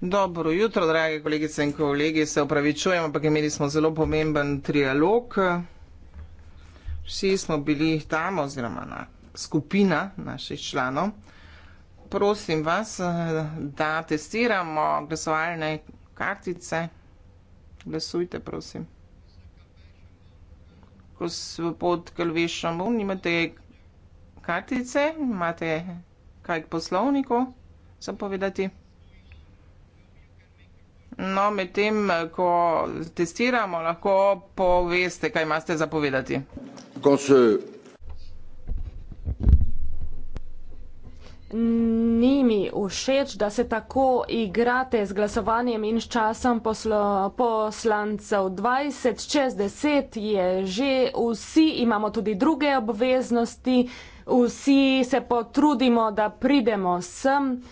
Dobro jutro, drage kolegice in kolegi, se upravičujem, ampak imeli smo zelo pomemben trialog. Vsi smo bili tam, oziroma na skupina naših članov. Prosim vas, da testiramo glasovalne kartice. Glasujte, prosim. Ko se pod Kalvešom imate kartice, imate kaj k poslovniku zapovedati. No, medtem, ko testiramo, lahko poveste, kaj imate zapovedati. Ko se njimi všeč, da se tako igrate z glasovanjem in s časom poslo, poslancev. 20 čez 10 je že, vsi imamo tudi druge obveznosti, vsi se potrudimo, da pridemo sem.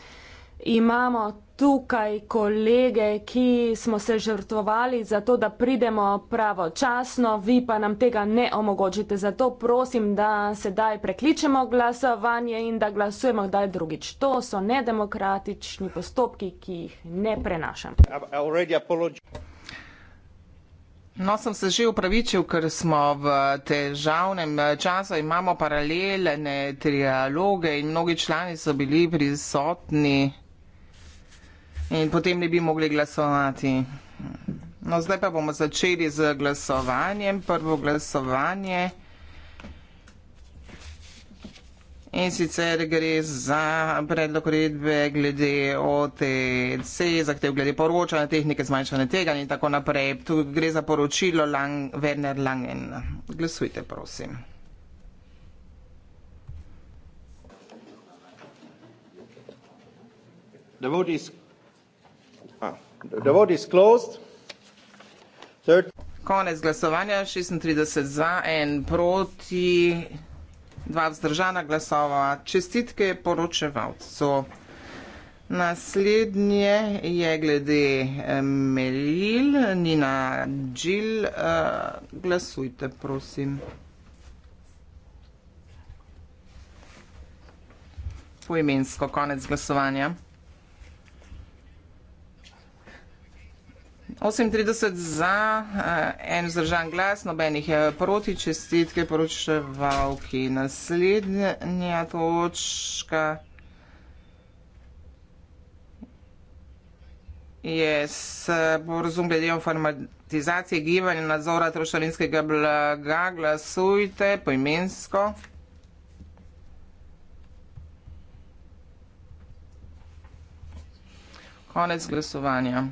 Imamo tukaj kolege, ki smo se žrtvovali za to, da pridemo pravočasno, vi pa nam tega ne omogočite. Zato prosim, da sedaj prekličemo glasovanje in da glasujemo kdaj drugič. To so nedemokratični postopki, ki jih ne prenašam. No, sem se že upravičil, ker smo v težavnem času, imamo paralelne trialoge in mnogi člani so bili prisotni. In potem ne bi mogli glasovati. No, zdaj pa bomo začeli z glasovanjem. Prvo glasovanje. In sicer gre za predlog redbe glede OTC, zahtev glede poročanja tehnike zmanjšanja tega in tako naprej. Tu gre za poročilo Lang, Werner Langen. Glasujte, prosim. The vote is Konec glasovanja, 36 za, en proti, dva vzdržana glasova. Čestitke poročevalcu. Naslednje je glede eh, Melil, Nina Džil. Eh, glasujte, prosim. Poimensko konec glasovanja. 38 za, eh, en vzdržan glas, nobenih je eh, proti, čestitke poročevalki. Naslednja točka je sporozum glede informatizacije gibanja nadzora trošarinskega blaga. Glasujte poimensko. Konec glasovanja.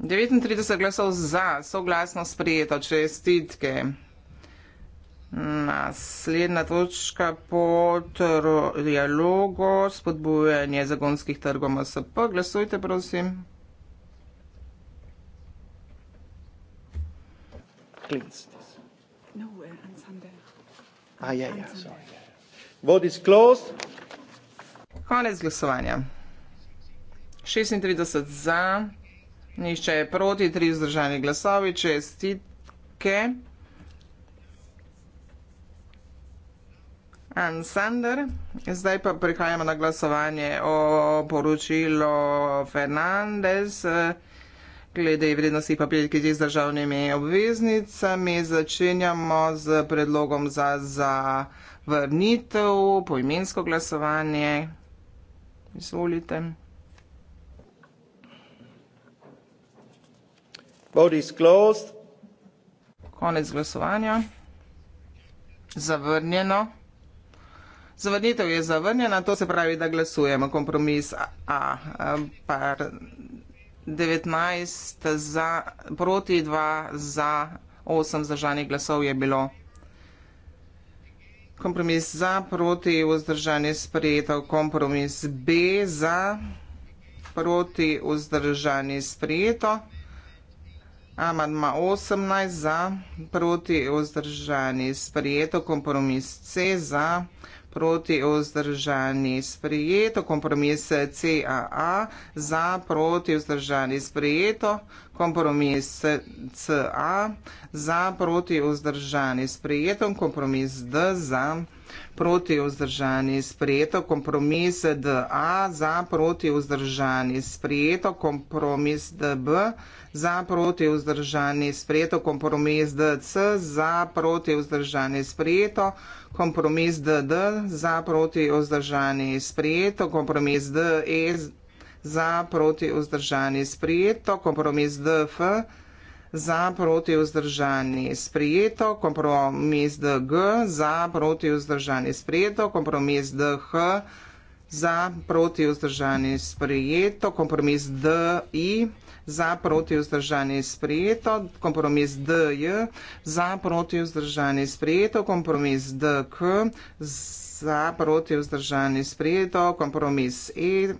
39 glasov za, soglasno sprejeto, čestitke. Naslednja točka po dialogu, spodbujanje zagonskih trgov MSP. Glasujte, prosim. No, uh, ah, ja, ja, ja, Konec glasovanja. 36 za. Nihče je proti, tri zdržani glasovi, čestitke. Ansander. Zdaj pa prihajamo na glasovanje o poročilo Fernandez eh, glede vrednosti papirja, ki je z državnimi obveznicami. Začenjamo z predlogom za, za vrnitev, poimensko glasovanje. Izvolite. Vote is closed. Konec glasovanja. Zavrnjeno. Zavrnitev je zavrnjena, to se pravi, da glasujemo. Kompromis A. Par 19 za, proti 2 za 8 zažanih glasov je bilo. Kompromis za, proti vzdržanje sprejetov. Kompromis B za, proti vzdržanje sprejetov. Amadma 18 za, proti vzdržani sprijeto, kompromis C za, proti vzdržani sprijeto, kompromis CAA za, proti vzdržani sprijeto, kompromis CA za proti vzdržani sprejeto, kompromis D za proti vzdržani sprejeto, kompromis DA za proti vzdržani sprejeto, kompromis DB za proti vzdržani sprejeto, kompromis DC za proti vzdržani sprejeto, kompromis DD za proti vzdržani sprejeto, kompromis DE za proti vzdržani sprejeto, za proti vzdržani sprijeto, kompromis DF za proti vzdržani sprijeto, kompromis DG za proti vzdržani sprijeto, kompromis DH za proti vzdržani sprijeto, kompromis DI za proti vzdržani sprijeto, kompromis DJ za proti vzdržani sprijeto, kompromis DK za proti vzdržani sprijeto, kompromis E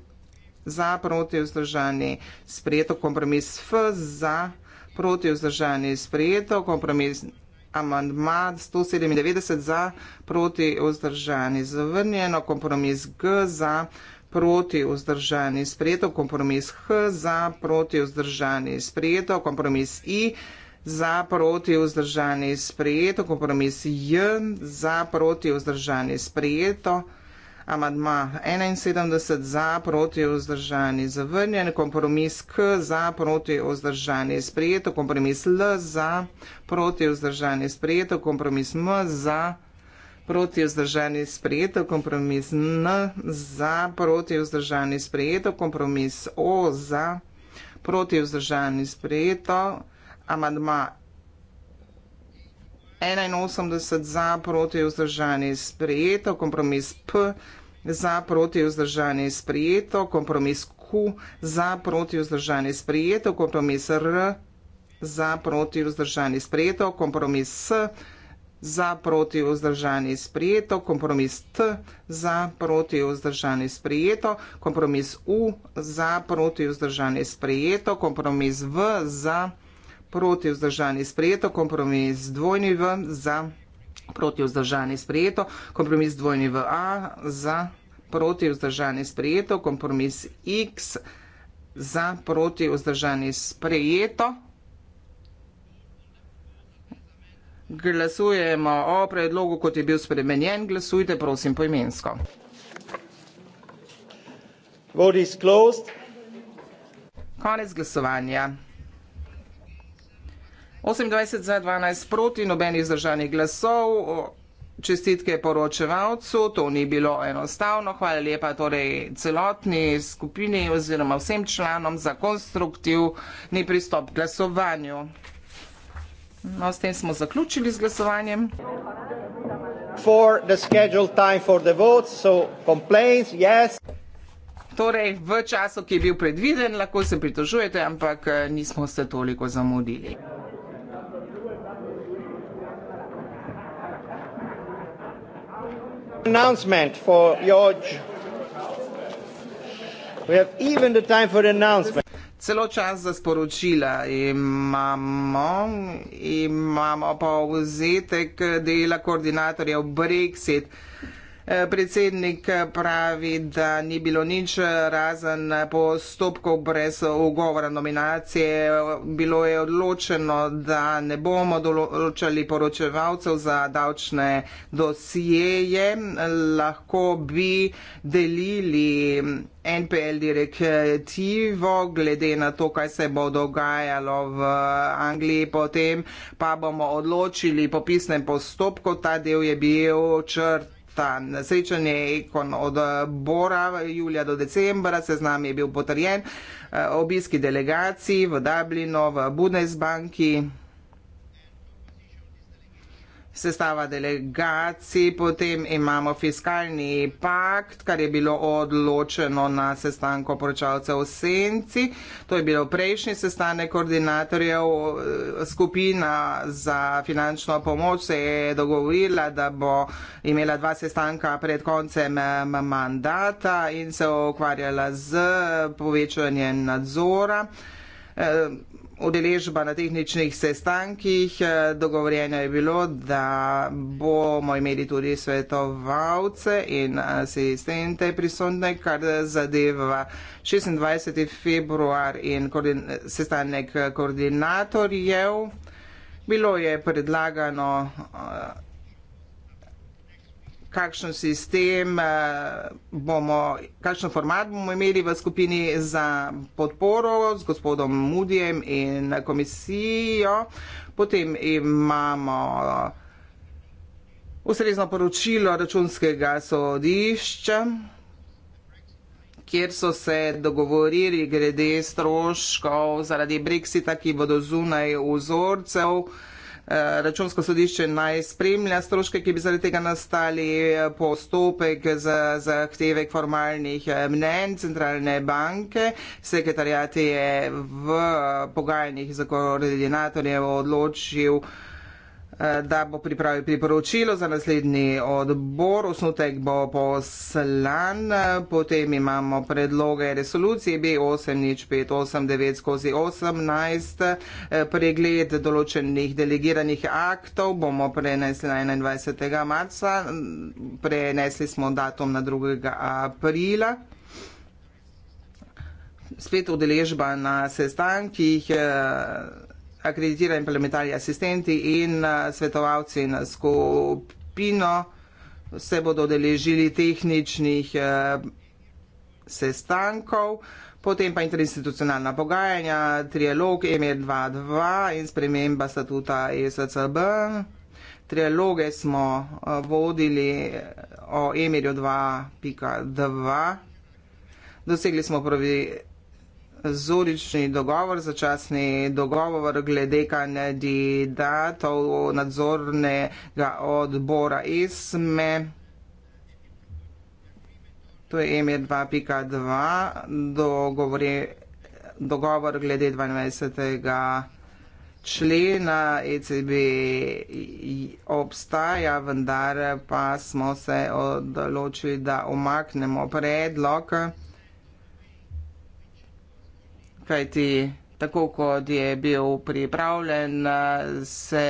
za, proti vzdržani, sprejeto kompromis F, za, proti vzdržani, sprejeto kompromis amandma 197 za, proti vzdržani, zavrnjeno kompromis G za, proti vzdržani, sprejeto kompromis H za, proti vzdržani, sprejeto kompromis I za, proti vzdržani, sprejeto kompromis J za, proti vzdržani, sprejeto kompromis amadma 71 za, proti vzdržani, zavrnjen, kompromis K za, proti vzdržani, sprejeto, kompromis L za, proti vzdržani, sprejeto, kompromis M za, proti vzdržani, sprejeto, kompromis N za, proti vzdržani, sprejeto, kompromis O za, proti vzdržani, sprejeto, amadma 81 za, proti vzdržani, sprejeto, kompromis P za, za proti vzdržanje sprijeto, kompromis Q za proti vzdržanje sprijeto, kompromis R za proti vzdržanje sprijeto, kompromis S za proti vzdržanje sprijeto, kompromis T za proti vzdržanje sprijeto, kompromis U za proti vzdržanje sprijeto, kompromis V za proti vzdržanje sprijeto, kompromis dvojni V za proti vzdržanje sprijeto proti vzdržani sprejeto, kompromis dvojni v A za proti vzdržani sprejeto, kompromis X za proti vzdržani sprejeto. Glasujemo o predlogu, kot je bil spremenjen. Glasujte, prosim, poimensko. Konec glasovanja. 28 za 12 proti, nobenih zdržanih glasov. Čestitke poročevalcu, to ni bilo enostavno. Hvala lepa torej celotni skupini oziroma vsem članom za konstruktivni pristop k glasovanju. No, s tem smo zaključili z glasovanjem. For the for the votes, so yes. Torej, v času, ki je bil predviden, lahko se pritožujete, ampak eh, nismo se toliko zamudili. announcement for George. We have even the time for the announcement. Celo čas za sporočila imamo, imamo pa vzetek dela koordinatorjev Brexit. Predsednik pravi, da ni bilo nič razen postopkov brez ugovora nominacije. Bilo je odločeno, da ne bomo določali poročevalcev za davčne dosijeje. Lahko bi delili. NPL direktivo, glede na to, kaj se bo dogajalo v Angliji, potem pa bomo odločili po pisnem postopku, ta del je bil črt ta srečanje ekon od eh, Bora julija do decembra, seznam je bil potrjen, eh, obiski delegacij v Dublinu, v Bundesbanki sestava delegacij, potem imamo fiskalni pakt, kar je bilo odločeno na sestanku poročalcev v Senci. To je bilo prejšnji sestanek koordinatorjev. Eh, skupina za finančno pomoč se je dogovorila, da bo imela dva sestanka pred koncem eh, mandata in se ukvarjala z povečanjem nadzora. Eh, udeležba na tehničnih sestankih. Eh, dogovorjeno je bilo, da bomo imeli tudi svetovalce in eh, asistente prisotne, kar zadeva 26. februar in sestanek koordinatorjev. Bilo je predlagano. Eh, kakšen sistem eh, bomo, kakšen format bomo imeli v skupini za podporo s gospodom Mudijem in komisijo. Potem imamo eh, ustrezno poročilo računskega sodišča, kjer so se dogovorili glede stroškov zaradi Brexita, ki bodo zunaj vzorcev. Eh, računsko sodišče naj spremlja stroške, ki bi zaradi tega nastali, eh, postopek za zahteve formalnih eh, mnen centralne banke. Sekretarjat je v pogajanjih za koordinatorje odločil, da bo pripravil priporočilo za naslednji odbor. Osnutek bo poslan, potem imamo predloge resolucije B80589-18, pregled določenih delegiranih aktov bomo prenesli na 21. marca, prenesli smo datum na 2. aprila. Spet udeležba na sestankih. Eh, akreditirani implementarni asistenti in uh, svetovalci na skupino se bodo deležili tehničnih uh, sestankov, potem pa interinstitucionalna pogajanja, trialog EMIR 2.2 e in sprememba statuta ESCB. Trialoge smo uh, vodili o EMIR 2.2. E Dosegli smo prvi zurični dogovor, začasni dogovor glede kandidatov nadzornega odbora ISME. To je EMIR 2.2, dogovor glede 12. člena ECB obstaja, vendar pa smo se odločili, da omaknemo predlog kajti tako kot je bil pripravljen, se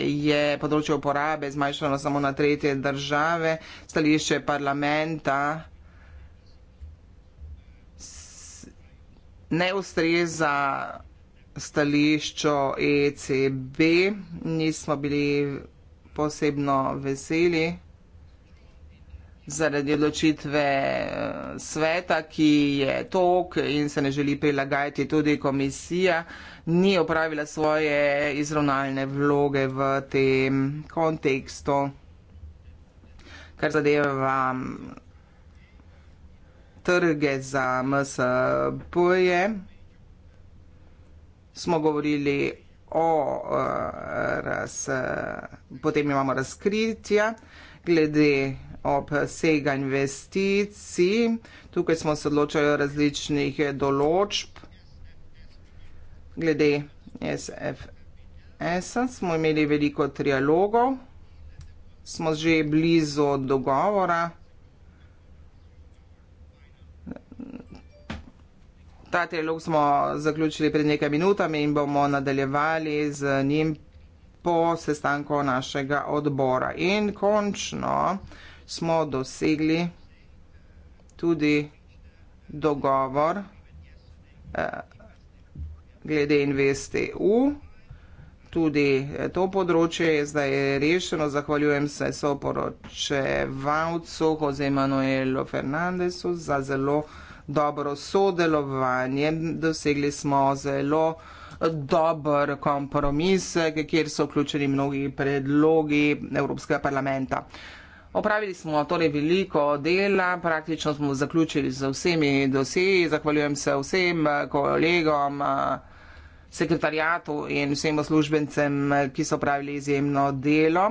je področje uporabe zmanjšalo samo na tretje države. Stališče parlamenta ne ustreza stališču ECB. Nismo bili posebno veseli zaradi odločitve eh, sveta, ki je tok in se ne želi prilagajati tudi komisija, ni opravila svoje izravnalne vloge v tem kontekstu, kar zadeva mm, trge za MSP-je. Smo govorili o eh, raz, eh, potem imamo razkritja glede obseg investicij. Tukaj smo se odločili o različnih določb. Glede SFS-a smo imeli veliko trialogov, smo že blizu dogovora. Ta trialog smo zaključili pred nekaj minutami in bomo nadaljevali z njim po sestanku našega odbora. In končno smo dosegli tudi dogovor eh, glede investi v. Tudi eh, to področje je zdaj rešeno. Zahvaljujem se soporočevalcu Jose Manuelu Fernandesu za zelo dobro sodelovanje. Dosegli smo zelo dober kompromis, kjer so vključeni mnogi predlogi Evropskega parlamenta. Opravili smo torej veliko dela, praktično smo zaključili z vsemi dosedi, zahvaljujem se vsem kolegom, sekretarjatu in vsem uslužbencem, ki so opravili izjemno delo.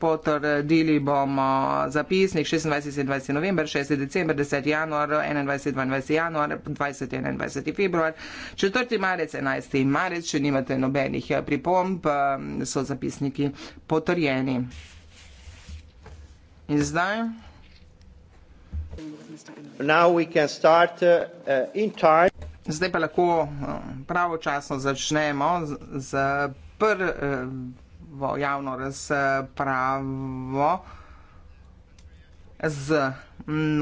Potrdili bomo zapisnik 26. 27. november, 6. december, 10. januar, 21. 22. januar, 20. 21. februar, 4. marec, 11. marec, če nimate nobenih pripomb, so zapisniki potrjeni. In zdaj? Now we can start, uh, uh in time. Zdaj pa lahko uh, pravočasno začnemo z prvo uh, javno razpravo z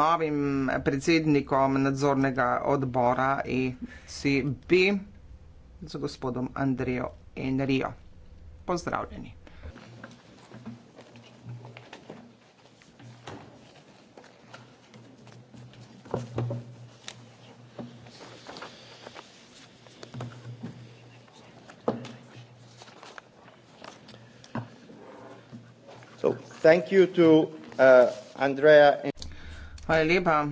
novim predsednikom nadzornega odbora ECB, z gospodom Andrejo Enrijo. Pozdravljeni. Thank you to uh, Andrea. Hvala lepa,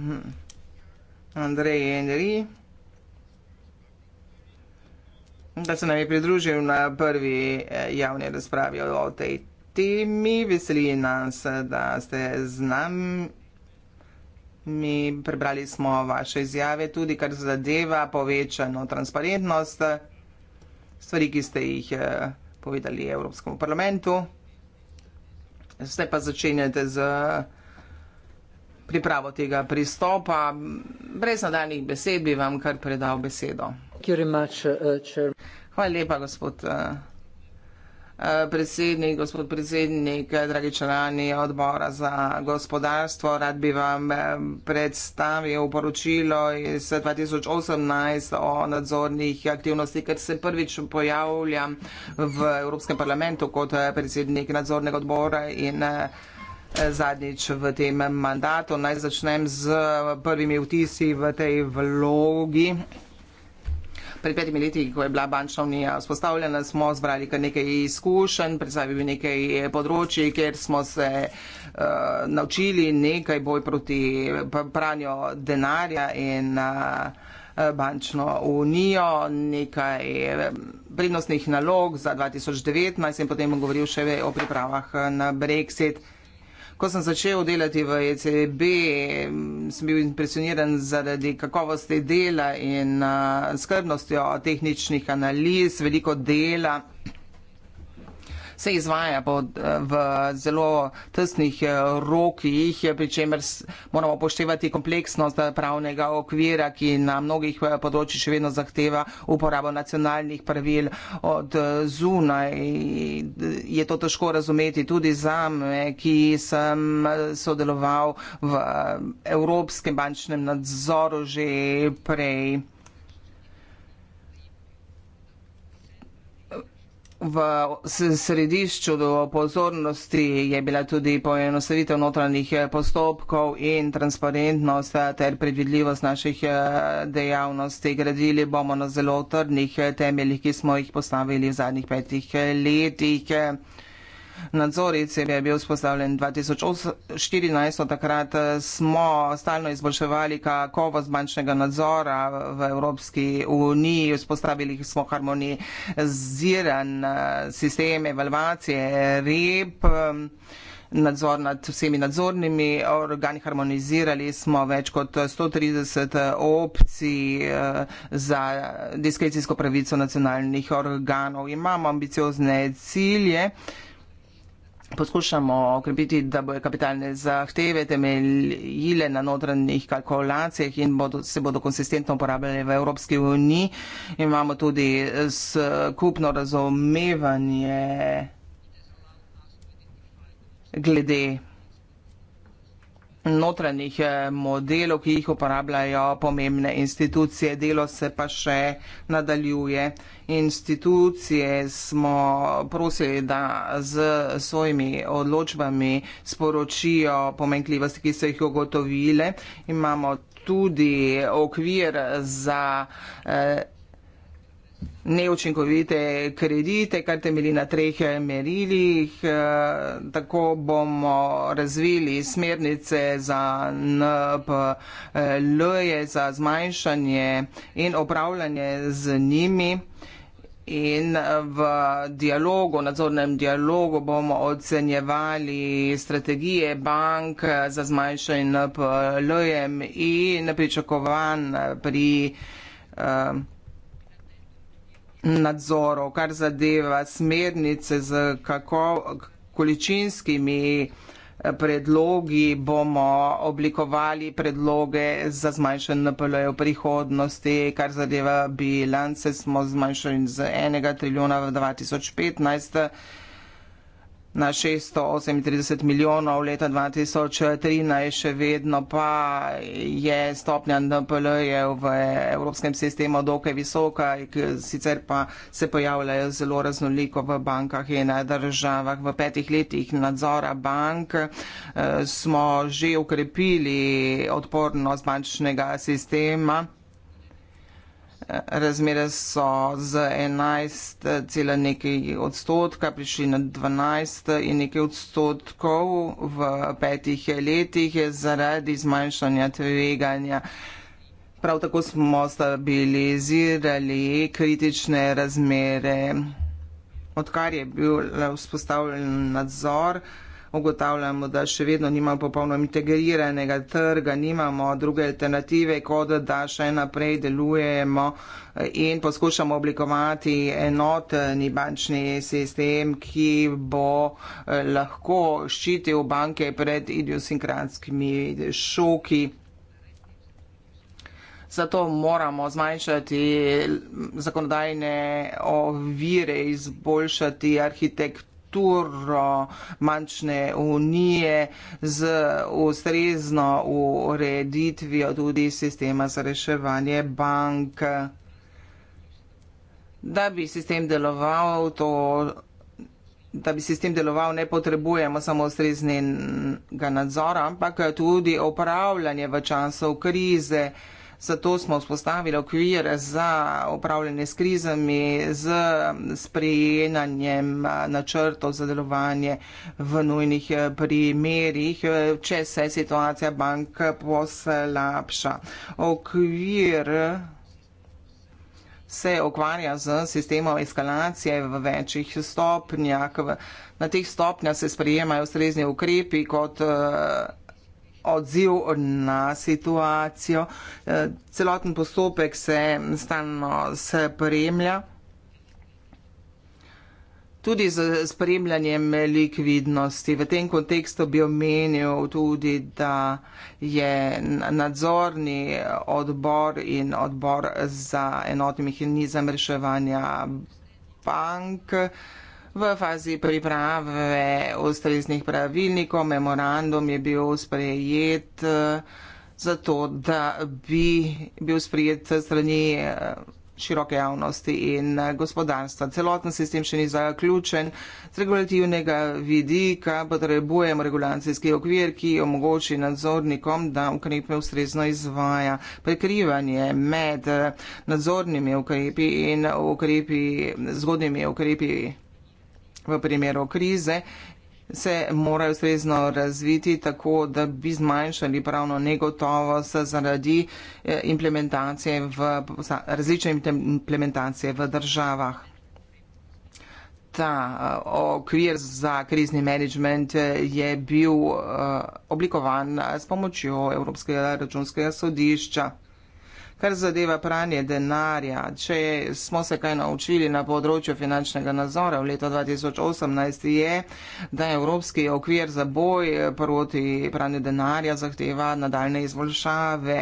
Andrej Enri, da se nam je pridružil na prvi eh, javni razpravi o tej temi. Veseli nas, da ste z nami. Mi prebrali smo vaše izjave, tudi kar zadeva povečano transparentnost stvari, ki ste jih eh, povedali Evropskemu parlamentu. Zdaj pa začenjate z pripravo tega pristopa. Brez nadaljnih besed bi vam kar predal besedo. Uh, uh, Hvala lepa, gospod uh, Eh, predsednik, gospod predsednik, eh, dragi članani odbora za gospodarstvo, rad bi vam eh, predstavil poročilo iz 2018 o nadzornih aktivnosti, ker se prvič pojavljam v Evropskem parlamentu kot predsednik nadzornega odbora in zadnjič v tem mandatu. Naj začnem z prvimi vtisi v tej vlogi pred petimi leti, ko je bila bančna unija vzpostavljena, smo zbrali kar nekaj izkušenj, predstavili nekaj področji, kjer smo se uh, naučili nekaj boj proti pranju denarja in uh, bančno unijo, nekaj eh, prednostnih nalog za 2019 in potem govoril še o pripravah na brexit. Ko sem začel delati v ECB, sem bil impresioniran zaradi kakovosti dela in uh, skrbnostjo tehničnih analiz, veliko dela se izvaja pod, eh, v zelo tesnih eh, rokih, pri čemer moramo poštevati kompleksnost eh, pravnega okvira, ki na mnogih področjih še vedno zahteva uporabo nacionalnih pravil od zunaj. Je to težko razumeti tudi za me, ki sem sodeloval v Evropskem bančnem nadzoru že prej. V središču pozornosti je bila tudi poenostavitev notranjih eh, postopkov in transparentnost eh, ter predvidljivost naših eh, dejavnosti. Gradili bomo na zelo trdnih temeljih, ki smo jih postavili v zadnjih petih letih nadzor ECB je bil vzpostavljen 2014, od takrat eh, smo stalno izboljševali kakovost bančnega nadzora v Evropski uniji, vzpostavili smo harmoniziran eh, sistem evalvacije REP eh, nadzor nad vsemi nadzornimi organi, harmonizirali smo več kot 130 opcij za diskrecijsko pravico nacionalnih organov. Imamo ambiciozne cilje, poskušamo okrepiti, da bojo kapitalne zahteve temeljile na notranjih kalkulacijah in bodo, se bodo konsistentno uporabljali v Evropski uniji. Imamo tudi skupno razumevanje glede notranjih eh, modelov, ki jih uporabljajo pomembne institucije. Delo se pa še nadaljuje. Institucije smo prosili, da z svojimi odločbami sporočijo pomenkljivosti, ki so jih ugotovile. Imamo tudi okvir za. Eh, neučinkovite kredite, kar temelji na treh merilih. Eh, tako bomo razvili smernice za NPL, za zmanjšanje in opravljanje z njimi. In v dialogu, nadzornem dialogu bomo ocenjevali strategije bank za zmanjšanje NPL-jem in pričakovan pri uh, nadzorov, kar zadeva smernice z kako, količinskimi eh, predlogi, bomo oblikovali predloge za zmanjšanje NPL v prihodnosti, kar zadeva bilance, smo zmanjšali z enega trilijona v 2015 na 638 milijonov leta 2013, še vedno pa je stopnja NPL-jev v evropskem sistemu dokaj visoka, sicer pa se pojavljajo zelo raznoliko v bankah in državah. V petih letih nadzora bank eh, smo že ukrepili odpornost bančnega sistema razmere so z 11, cela nekaj odstotka prišli na 12 in nekaj odstotkov v petih letih zaradi zmanjšanja tveganja. Prav tako smo stabilizirali kritične razmere. Odkar je bil eh, vzpostavljen nadzor, ugotavljamo, da še vedno nimamo popolno integriranega trga, nimamo druge alternative, kot da še naprej delujemo in poskušamo oblikovati enotni bančni sistem, ki bo eh, lahko ščitil banke pred idiosinkratskimi šoki. Zato moramo zmanjšati zakonodajne ovire, izboljšati arhitekturo struktur manjšne unije z ustrezno ureditvijo tudi sistema za reševanje bank. Da bi sistem deloval, to, da bi sistem deloval, ne potrebujemo samo ustreznega nadzora, ampak tudi upravljanje v času krize. Zato smo vzpostavili okvir za upravljanje s krizami, z sprejenanjem eh, načrtov za delovanje v nujnih eh, primerjih, eh, če se situacija bank poslabša. Okvir se ukvarja z sistemom eskalacije v večjih stopnjah. Na teh stopnjah se sprejemajo strezni ukrepi kot odziv na situacijo, e, celoten postopek se stalno spremlja. Tudi z spremljanjem likvidnosti. V tem kontekstu bi omenil tudi, da je nadzorni odbor in odbor za enotni mehanizem reševanja bank eh, v fazi priprave ustreznih pravilnikov. Memorandum je bil sprejet eh, zato, da bi bil sprejet strani eh, široke javnosti in eh, gospodarstva. Celoten sistem še ni zaključen. Z regulativnega vidika potrebujem regulacijski okvir, ki omogoči nadzornikom, da ukrepe ustrezno izvaja. Prekrivanje med nadzornimi ukrepi in ukrepi, zgodnimi ukrepi v primeru krize se morajo ustrezno razviti tako, da bi zmanjšali pravno negotovost zaradi eh, implementacije v, različne implementacije v državah. Ta eh, okvir za krizni management eh, je bil oblikovan s pomočjo Evropskega računskega sodišča kar zadeva pranje denarja. Če smo se kaj naučili na področju finančnega nazora v letu 2018, je, da je Evropski okvir za boj proti pranju denarja zahteva nadaljne izboljšave.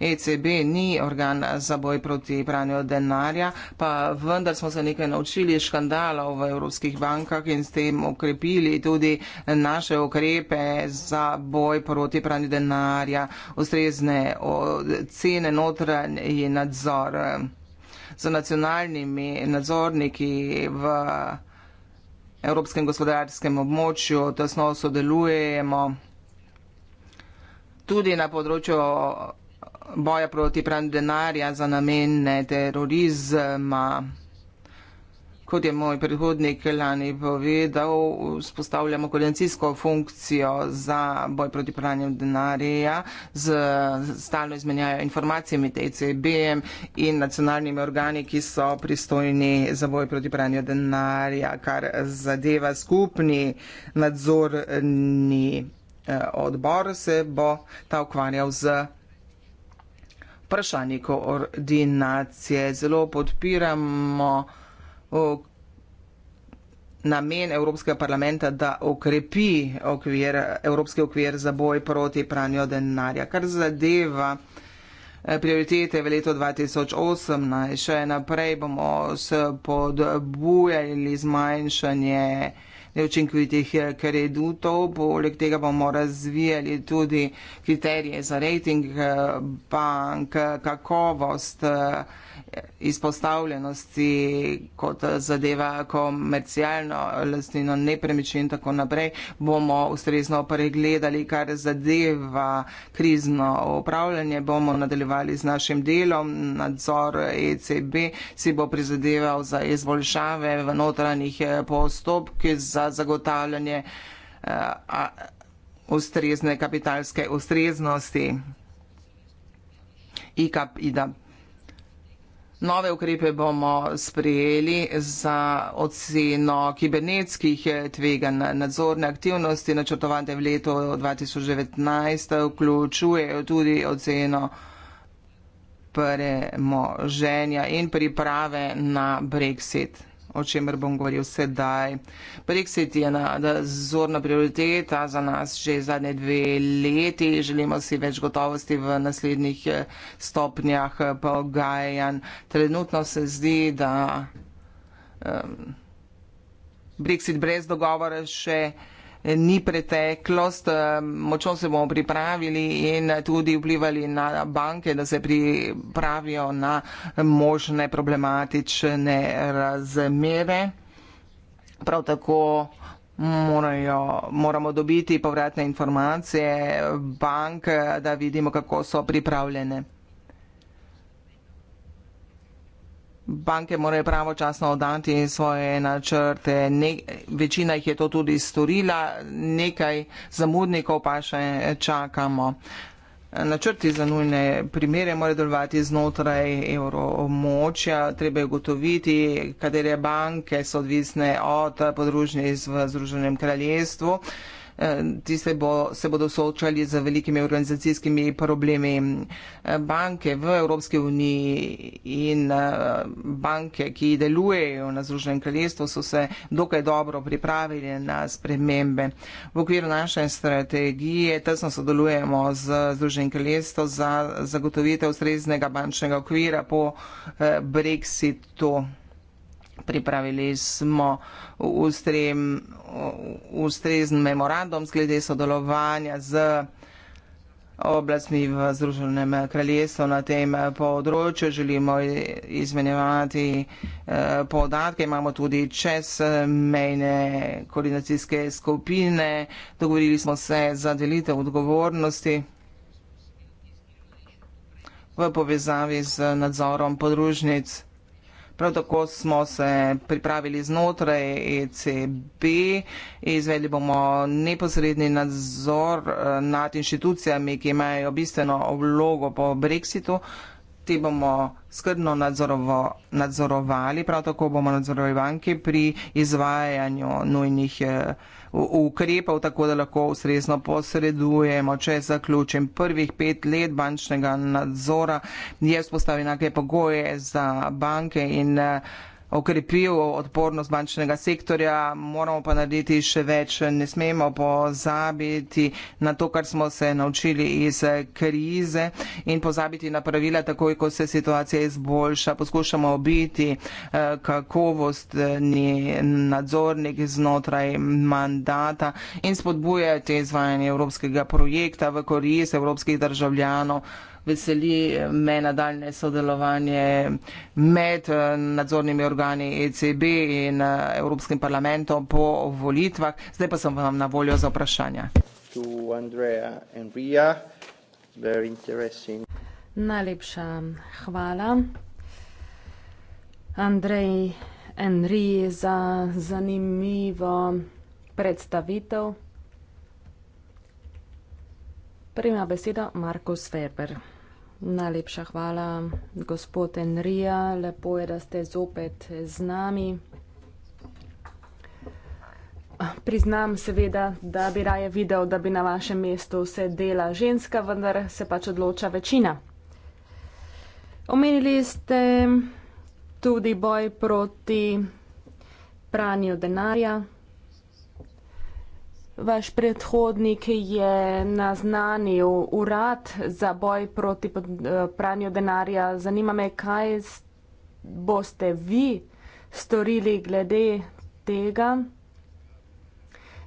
ECB ni organ za boj proti pranju denarja, pa vendar smo se nekaj naučili škandalov v evropskih bankah in s tem okrepili tudi naše ukrepe za boj proti pranju denarja, ustrezne cene notranje nadzoren je nadzor. Z nacionalnimi nadzorniki v Evropskem gospodarskem območju tesno sodelujemo tudi na področju boja proti pranju denarja za namene terorizma kot je moj predhodnik lani povedal, spostavljamo koordinacijsko funkcijo za boj proti pranju denarja z stalno izmenjajo informacij med ECB-jem in nacionalnimi organi, ki so pristojni za boj proti pranju denarja, kar zadeva skupni nadzorni eh, odbor, se bo ta ukvarjal z vprašanji koordinacije. Zelo podpiramo namen Evropskega parlamenta, da okrepi okvir, Evropski okvir za boj proti pranju denarja. Kar zadeva eh, prioritete v letu 2018, še naprej bomo spodbujali zmanjšanje neučinkovitih eh, kreditov, poleg tega bomo razvijali tudi kriterije za rejting eh, bank, kakovost eh, izpostavljenosti kot zadeva komercijalno lastnino nepremičnin in tako naprej, bomo ustrezno pregledali, kar zadeva krizno upravljanje, bomo nadaljevali z našim delom, nadzor ECB si bo prizadeval za izboljšave v notranjih postopkih, za zagotavljanje uh, ustrezne kapitalske ustreznosti. IKAP IDA. Nove ukrepe bomo sprejeli za oceno kibernetskih eh, tvegan. Nadzorne aktivnosti načrtovane v letu 2019 vključujejo tudi oceno premoženja in priprave na brexit o čemer bom govoril sedaj. Brexit je na, da, zorna prioriteta za nas že zadnje dve leti. Želimo si več gotovosti v naslednjih eh, stopnjah eh, pogajanj. Trenutno se zdi, da um, Brexit brez dogovora še ni preteklost, eh, močno se bomo pripravili in tudi vplivali na banke, da se pripravijo na možne problematične razmere. Prav tako morajo, moramo dobiti povratne informacije bank, da vidimo, kako so pripravljene. banke morajo pravočasno oddati svoje načrte. Ne, večina jih je to tudi storila, nekaj zamudnikov pa še čakamo. Načrti za nujne primere morajo delovati znotraj evromočja, treba je ugotoviti, katere banke so odvisne od podružnic v Združenem kraljestvu. Eh, ti se, bo, se bodo soočali z velikimi organizacijskimi problemi. Eh, banke v Evropski uniji in eh, banke, ki delujejo na Združenem kraljestvu, so se dokaj dobro pripravili na spremembe. V okviru naše strategije tesno sodelujemo z Združenim kraljestvom za zagotovitev sreznega bančnega okvira po Brexitu. Pripravili smo ustrem, ustrezen memorandum glede sodelovanja z oblastmi v Združenem kraljestvu na tem področju. Želimo izmenjevati eh, podatke. Imamo tudi čezmejne koordinacijske skupine. Dogovorili smo se za delitev odgovornosti v povezavi z nadzorom podružnic. Prav tako smo se pripravili znotraj ECB, izvedli bomo neposredni nadzor eh, nad inštitucijami, ki imajo bistveno vlogo po brexitu. Ti bomo skrbno nadzorovo, nadzorovali, prav tako bomo nadzorovali banke pri izvajanju nujnih. Eh, ukrepov, tako da lahko ustrezno posredujemo. Če zaključim prvih pet let bančnega nadzora, je vzpostavljena nekaj pogoje za banke in uh, okrepil odpornost bančnega sektorja, moramo pa narediti še več. Ne smemo pozabiti na to, kar smo se naučili iz krize in pozabiti na pravila, takoj ko se situacija izboljša. Poskušamo biti eh, kakovostni nadzornik znotraj mandata in spodbujati izvajanje evropskega projekta v korist evropskih državljanov veseli me nadaljne sodelovanje med eh, nadzornimi organi ECB in eh, Evropskim parlamentom po volitvah. Zdaj pa sem vam na voljo za vprašanja. Najlepša hvala. Andrej Enri za zanimivo predstavitev. Prima beseda Marko Sveber. Najlepša hvala, gospod Enrija. Lepo je, da ste zopet z nami. Priznam seveda, da bi raje videl, da bi na vašem mestu se dela ženska, vendar se pač odloča večina. Omenili ste tudi boj proti pranju denarja, vaš predhodnik je naznanil urad za boj proti eh, pranju denarja. Zanima me, kaj boste vi storili glede tega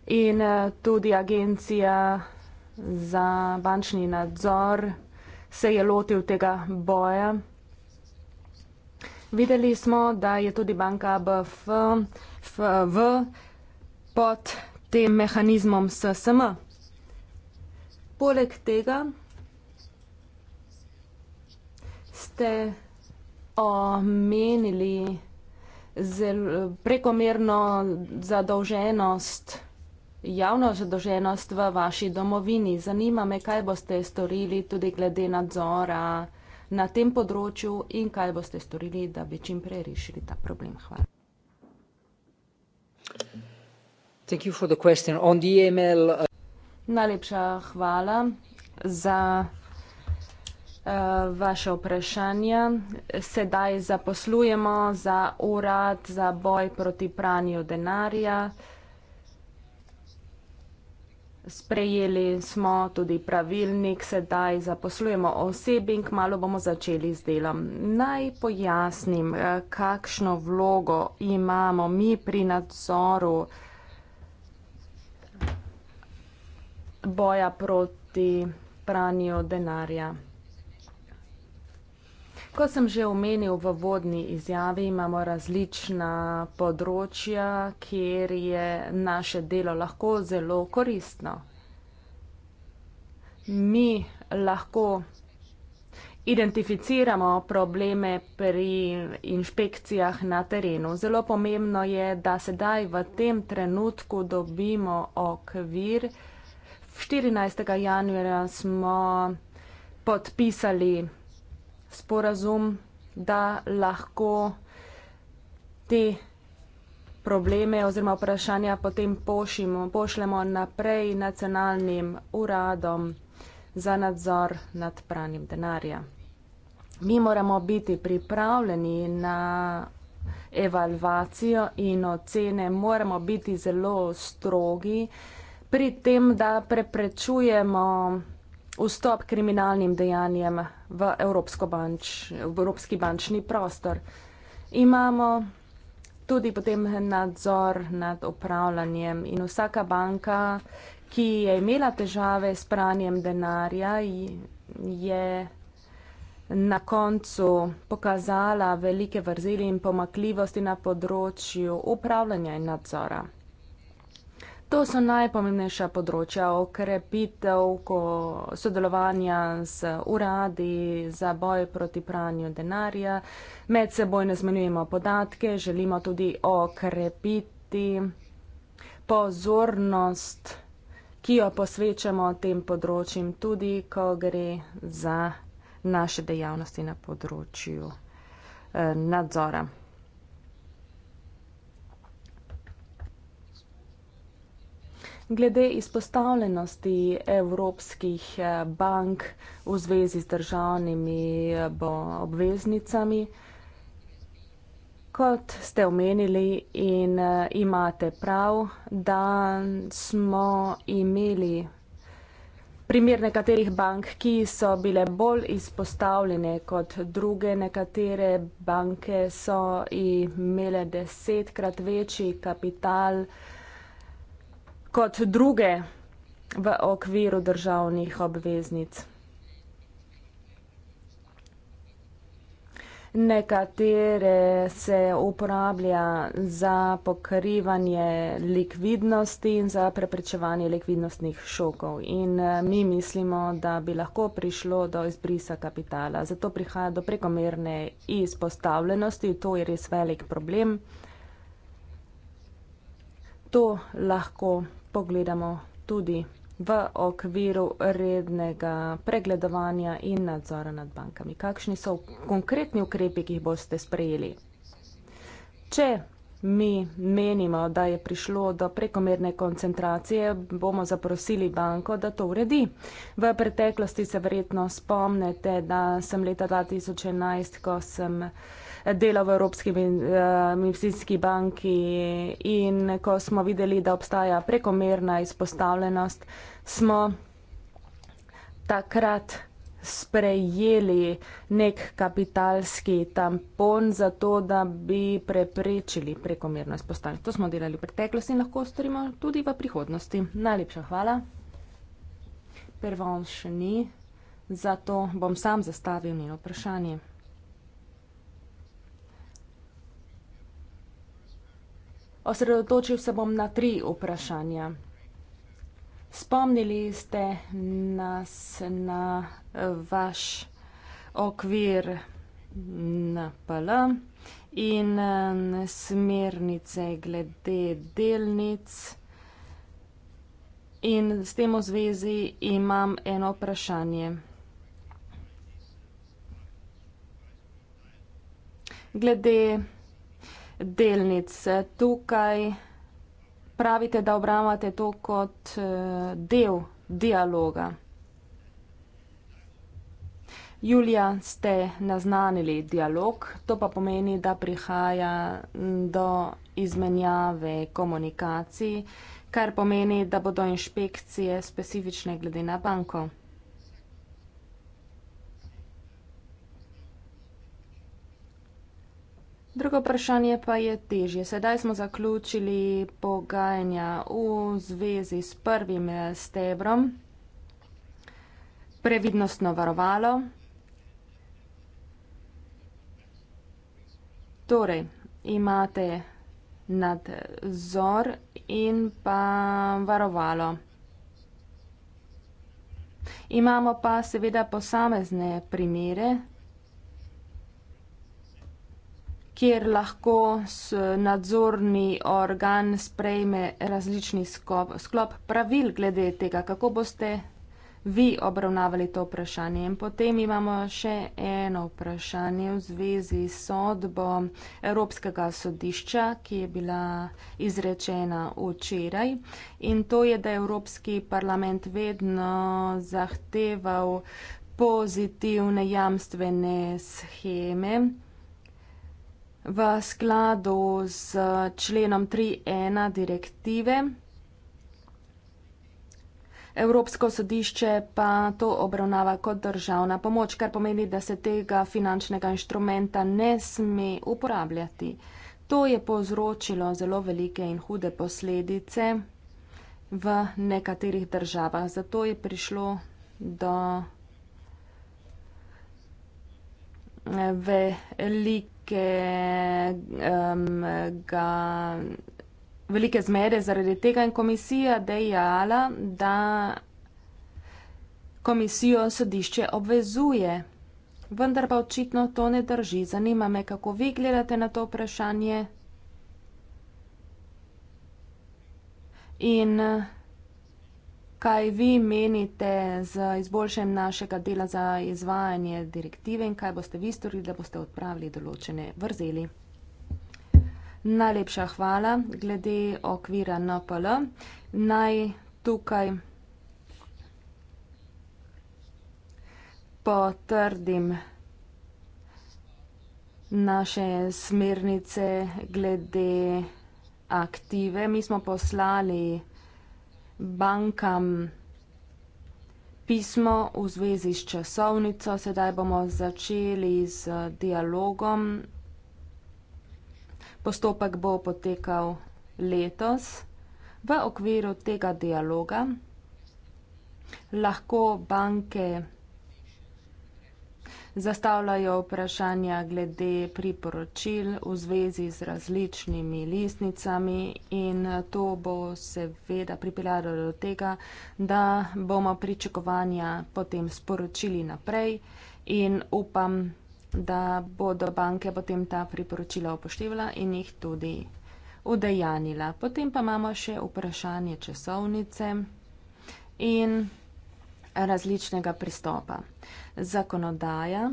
in eh, tudi agencija za bančni nadzor se je lotil tega boja. Videli smo, da je tudi banka BFV pod vprašanjem tem mehanizmom SSM. Poleg tega ste omenili prekomerno zadolženost, javno zadolženost v vaši domovini. Zanima me, kaj boste storili tudi glede nadzora na tem področju in kaj boste storili, da bi čim prej rešili ta problem. Hvala. E uh, Najlepša hvala za uh, vaše vprašanje. Sedaj zaposlujemo za urad za boj proti pranju denarja. Sprejeli smo tudi pravilnik, sedaj zaposlujemo osebi in kmalo bomo začeli z delom. Naj pojasnim, uh, kakšno vlogo imamo mi pri nadzoru denarja. boja proti pranju denarja. Kot sem že omenil v vodni izjavi, imamo različna področja, kjer je naše delo lahko zelo koristno. Mi lahko identificiramo probleme pri inšpekcijah na terenu. Zelo pomembno je, da sedaj v tem trenutku dobimo okvir, 14. januarja smo podpisali sporazum, da lahko te probleme oziroma vprašanja potem pošimo, pošljemo naprej nacionalnim uradom za nadzor nad pranjem denarja. Mi moramo biti pripravljeni na evalvacijo in ocene, moramo biti zelo strogi, uh, pri tem, da preprečujemo vstop kriminalnim dejanjem v, banč, v evropski bančni prostor. Imamo tudi potem nadzor nad upravljanjem in vsaka banka, ki je imela težave s pranjem denarja, je na koncu pokazala velike vrzeli in pomakljivosti na področju upravljanja in nadzora. To so najpomembnejša področja okrepitev sodelovanja z uradi za boj proti pranju denarja. Med seboj ne zmenujemo podatke, želimo tudi okrepiti pozornost, ki jo posvečamo tem področjem, tudi ko gre za naše dejavnosti na področju eh, nadzora. glede izpostavljenosti evropskih eh, bank v zvezi z državnimi eh, obveznicami. Kot ste omenili in eh, imate prav, da smo imeli primer nekaterih bank, ki so bile bolj izpostavljene kot druge. Nekatere banke so imele desetkrat večji kapital kot druge v okviru državnih obveznic. Nekatere se uporablja za pokrivanje likvidnosti in za preprečevanje likvidnostnih šokov. In eh, mi mislimo, da bi lahko prišlo do izbrisa kapitala. Zato prihaja do prekomerne izpostavljenosti. To je res velik problem. To lahko pogledamo tudi v okviru rednega pregledovanja in nadzora nad bankami. Kakšni so konkretni ukrepi, ki jih boste sprejeli? Če mi menimo, da je prišlo do prekomerne koncentracije, bomo zaprosili banko, da to uredi. V preteklosti se verjetno spomnite, da sem leta 2011, ko sem dela v Evropski eh, investicijski banki in ko smo videli, da obstaja prekomerna izpostavljenost, smo takrat sprejeli nek kapitalski tampon za to, da bi preprečili prekomerno izpostavljenost. To smo delali v preteklosti in lahko storimo tudi v prihodnosti. Najlepša hvala. Prvo on še ni, zato bom sam zastavil njeno vprašanje. Osredotočil se bom na tri vprašanja. Spomnili ste nas na eh, vaš okvir NPL in eh, smernice glede delnic. In s tem v zvezi imam eno vprašanje. Glede delnic. Tukaj pravite, da obravnavate to kot eh, del dialoga. Julija ste naznanili dialog, to pa pomeni, da prihaja do izmenjave komunikacij, kar pomeni, da bodo inšpekcije specifične glede na banko. Drugo vprašanje pa je težje. Sedaj smo zaključili pogajanja v zvezi s prvim eh, stebrom, previdnostno varovalo. Torej, imate nadzor in pa varovalo. Imamo pa seveda posamezne primere, kjer lahko nadzorni organ sprejme različni sklop, sklop pravil glede tega, kako boste vi obravnavali to vprašanje. In potem imamo še eno vprašanje v zvezi s sodbo Evropskega sodišča, ki je bila izrečena včeraj. In to je, da je Evropski parlament vedno zahteval pozitivne jamstvene scheme. V skladu z členom 3.1 direktive Evropsko sodišče pa to obravnava kot državna pomoč, kar pomeni, da se tega finančnega inštrumenta ne sme uporabljati. To je povzročilo zelo velike in hude posledice v nekaterih državah. Zato je prišlo do velike, um, ga, velike zmede zaradi tega in komisija dejala, da komisijo sodišče obvezuje. Vendar pa očitno to ne drži. Zanima me, kako vi gledate na to vprašanje. In uh, kaj vi menite z izboljšanjem našega dela za izvajanje direktive in kaj boste vi storili, da boste odpravili določene vrzeli. Najlepša hvala glede okvira NPL. Naj tukaj potrdim naše smernice glede aktive. Mi smo poslali bankam pismo v zvezi s časovnico. Sedaj bomo začeli z dialogom. Postopek bo potekal letos. V okviru tega dialoga lahko banke vsega, zastavljajo vprašanja glede priporočil v zvezi z različnimi listnicami in to bo seveda pripeljalo do tega, da bomo pričakovanja potem sporočili naprej in upam, da bodo banke potem ta priporočila upoštevala in jih tudi udejanila. Potem pa imamo še vprašanje časovnice. In različnega pristopa. Zakonodaja,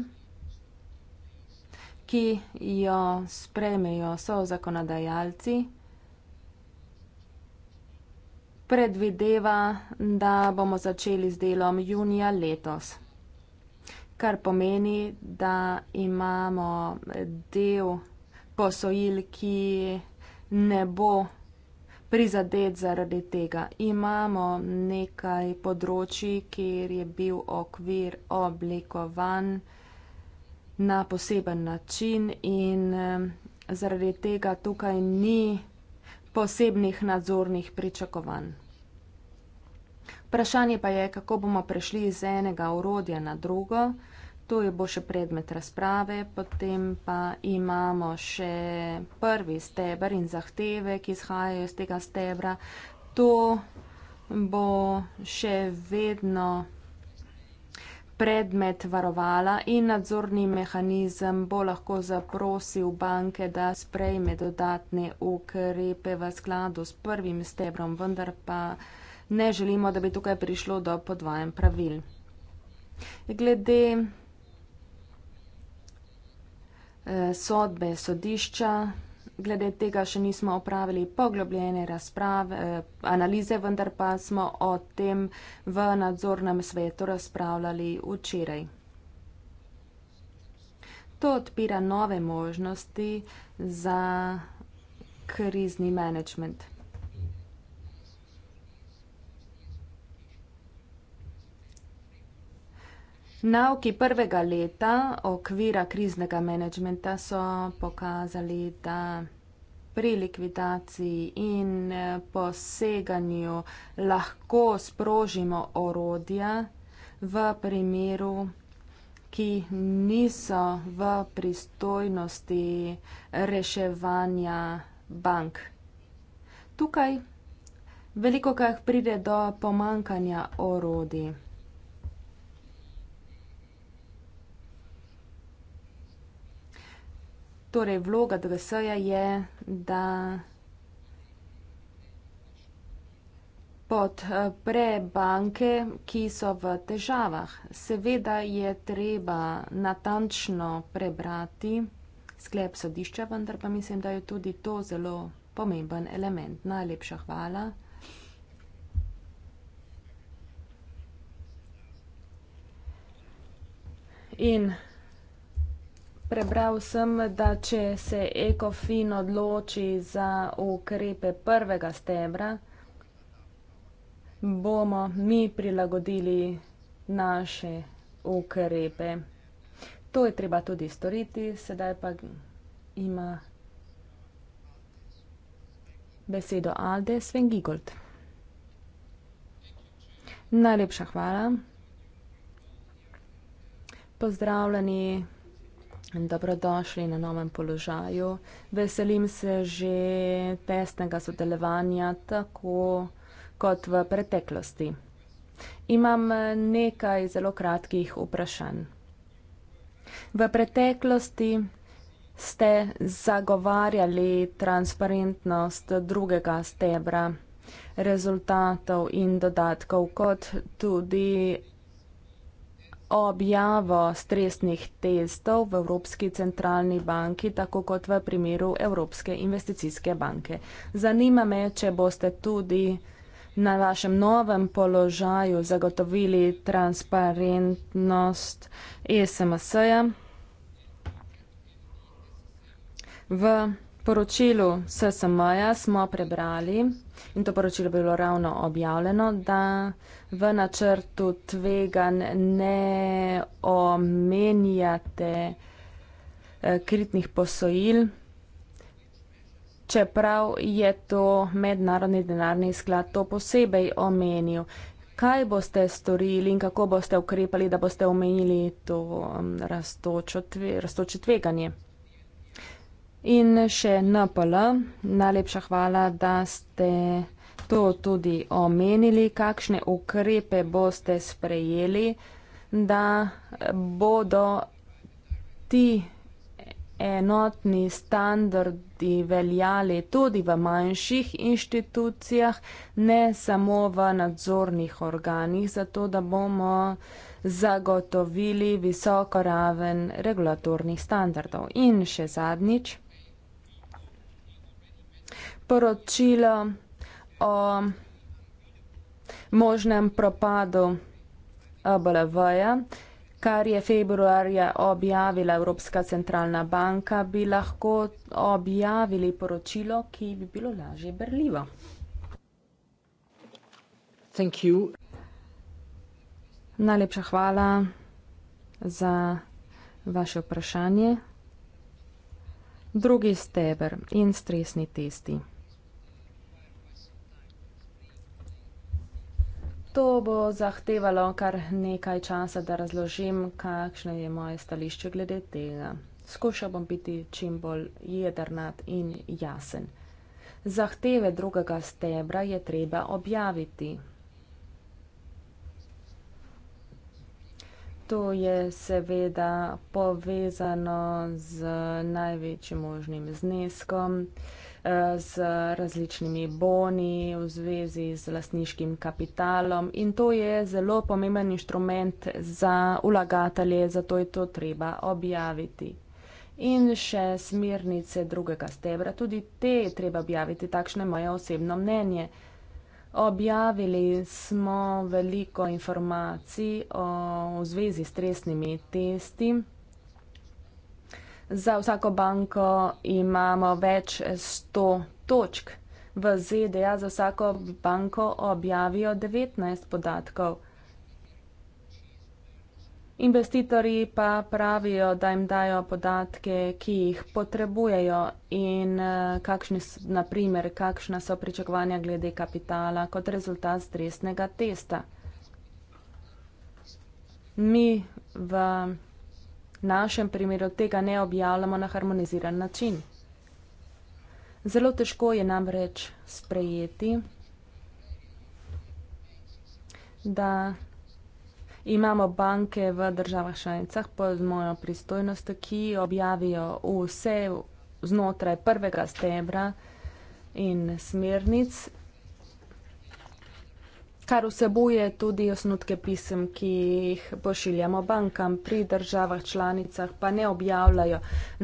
ki jo spremejo so zakonodajalci, predvideva, da bomo začeli z delom junija letos, kar pomeni, da imamo del posojil, ki ne bo vsega, prizadet zaradi tega. Imamo nekaj področji, kjer je bil okvir oblikovan na poseben način in zaradi tega tukaj ni posebnih nadzornih pričakovanj. Vprašanje pa je, kako bomo prešli iz enega orodja na drugo. To je bo še predmet razprave, potem pa imamo še prvi stebr in zahteve, ki izhajajo iz tega stebra. To bo še vedno predmet varovala in nadzorni mehanizem bo lahko zaprosil banke, da sprejme dodatne ukrepe v skladu s prvim stebrom, vendar pa ne želimo, da bi tukaj prišlo do podvajanj pravil. Glede Eh, sodbe sodišča. Glede tega še nismo opravili poglobljene razprave, eh, analize, vendar pa smo o tem v nadzornem svetu razpravljali včeraj. To odpira nove možnosti za krizni management. Nauki prvega leta okvira kriznega menedžmenta so pokazali, da pri likvidaciji in eh, poseganju lahko sprožimo orodja v primeru, ki niso v pristojnosti reševanja bank. Tukaj veliko krat pride do pomankanja orodij. Torej, vloga DVS-ja je, da podpre eh, banke, ki so v težavah. Seveda je treba natančno prebrati sklep sodišča, vendar pa mislim, da je tudi to zelo pomemben element. Najlepša hvala. In Prebral sem, da če se ECOFIN odloči za ukrepe prvega stebra, bomo mi prilagodili naše ukrepe. To je treba tudi storiti, sedaj pa ima besedo Alde Svengigold. Najlepša hvala. Pozdravljeni dobrodošli na novem položaju. Veselim se že tesnega sodelovanja, tako kot v preteklosti. Imam nekaj zelo kratkih vprašanj. V preteklosti ste zagovarjali transparentnost drugega stebra rezultatov in dodatkov, kot tudi objavo stresnih testov v Evropski centralni banki, tako kot v primeru Evropske investicijske banke. Zanima me, če boste tudi na vašem novem položaju zagotovili transparentnost e SMS-ja v poročilu SSM-ja smo prebrali, in to poročilo bi bilo ravno objavljeno, da v načrtu tvegan ne omenjate eh, kritnih posojil, čeprav je to mednarodni denarni sklad to posebej omenil. Kaj boste storili in kako boste ukrepali, da boste omenili to mm, rastočo tveganje? Tve, In še NPL, najlepša hvala, da ste to tudi omenili, kakšne ukrepe boste sprejeli, da bodo ti enotni standardi veljali tudi v manjših inštitucijah, ne samo v nadzornih organih, zato da bomo zagotovili visoko raven regulatornih standardov. In še zadnjič sporočilo o možnem propadu ABLV-ja, kar je februarja objavila Evropska centralna banka, bi lahko objavili poročilo, ki bi bilo lažje brljivo. Najlepša hvala za vaše vprašanje. Drugi steber in stresni testi. To bo zahtevalo kar nekaj časa, da razložim, kakšno je moje stališče glede tega. Skušal bom biti čim bolj jedrnat in jasen. Zahteve drugega stebra je treba objaviti. To je seveda povezano z največjim možnim zneskom. Uh, Eh, z različnimi boni v zvezi z lasniškim kapitalom in to je zelo pomemben inštrument za ulagatelje, zato je to treba objaviti. In še smernice drugega stebra, tudi te treba objaviti, takšno je moje osebno mnenje. Objavili smo veliko informacij o, v zvezi s stresnimi testi. Za vsako banko imamo več sto točk. V ZDA za vsako banko objavijo 19 podatkov. Investitorji pa pravijo, da jim dajo podatke, ki jih potrebujejo in eh, kakšni, naprimer, kakšna so pričakovanja glede kapitala kot rezultat stresnega testa. Mi v V našem primeru tega ne objavljamo na harmoniziran način. Zelo težko je namreč sprejeti, da imamo banke v državah članicah pod mojo pristojnost, ki objavijo vse znotraj prvega stebra in smernic kar vsebuje tudi osnutke pisem, ki jih pošiljamo bankam pri državah članicah, pa ne objavljajo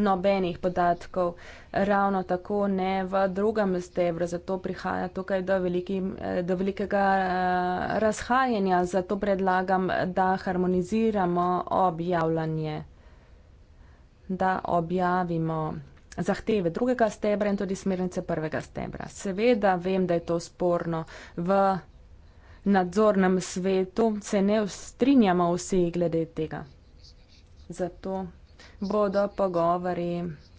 nobenih podatkov, ravno tako ne v drugem stebru. Zato prihaja tukaj do, veliki, do velikega eh, razhajanja. Zato predlagam, da harmoniziramo objavljanje, da objavimo zahteve drugega stebra in tudi smernice prvega stebra. Seveda vem, da je to sporno v nadzornem svetu se ne strinjamo vsi glede tega. Zato bodo pogovori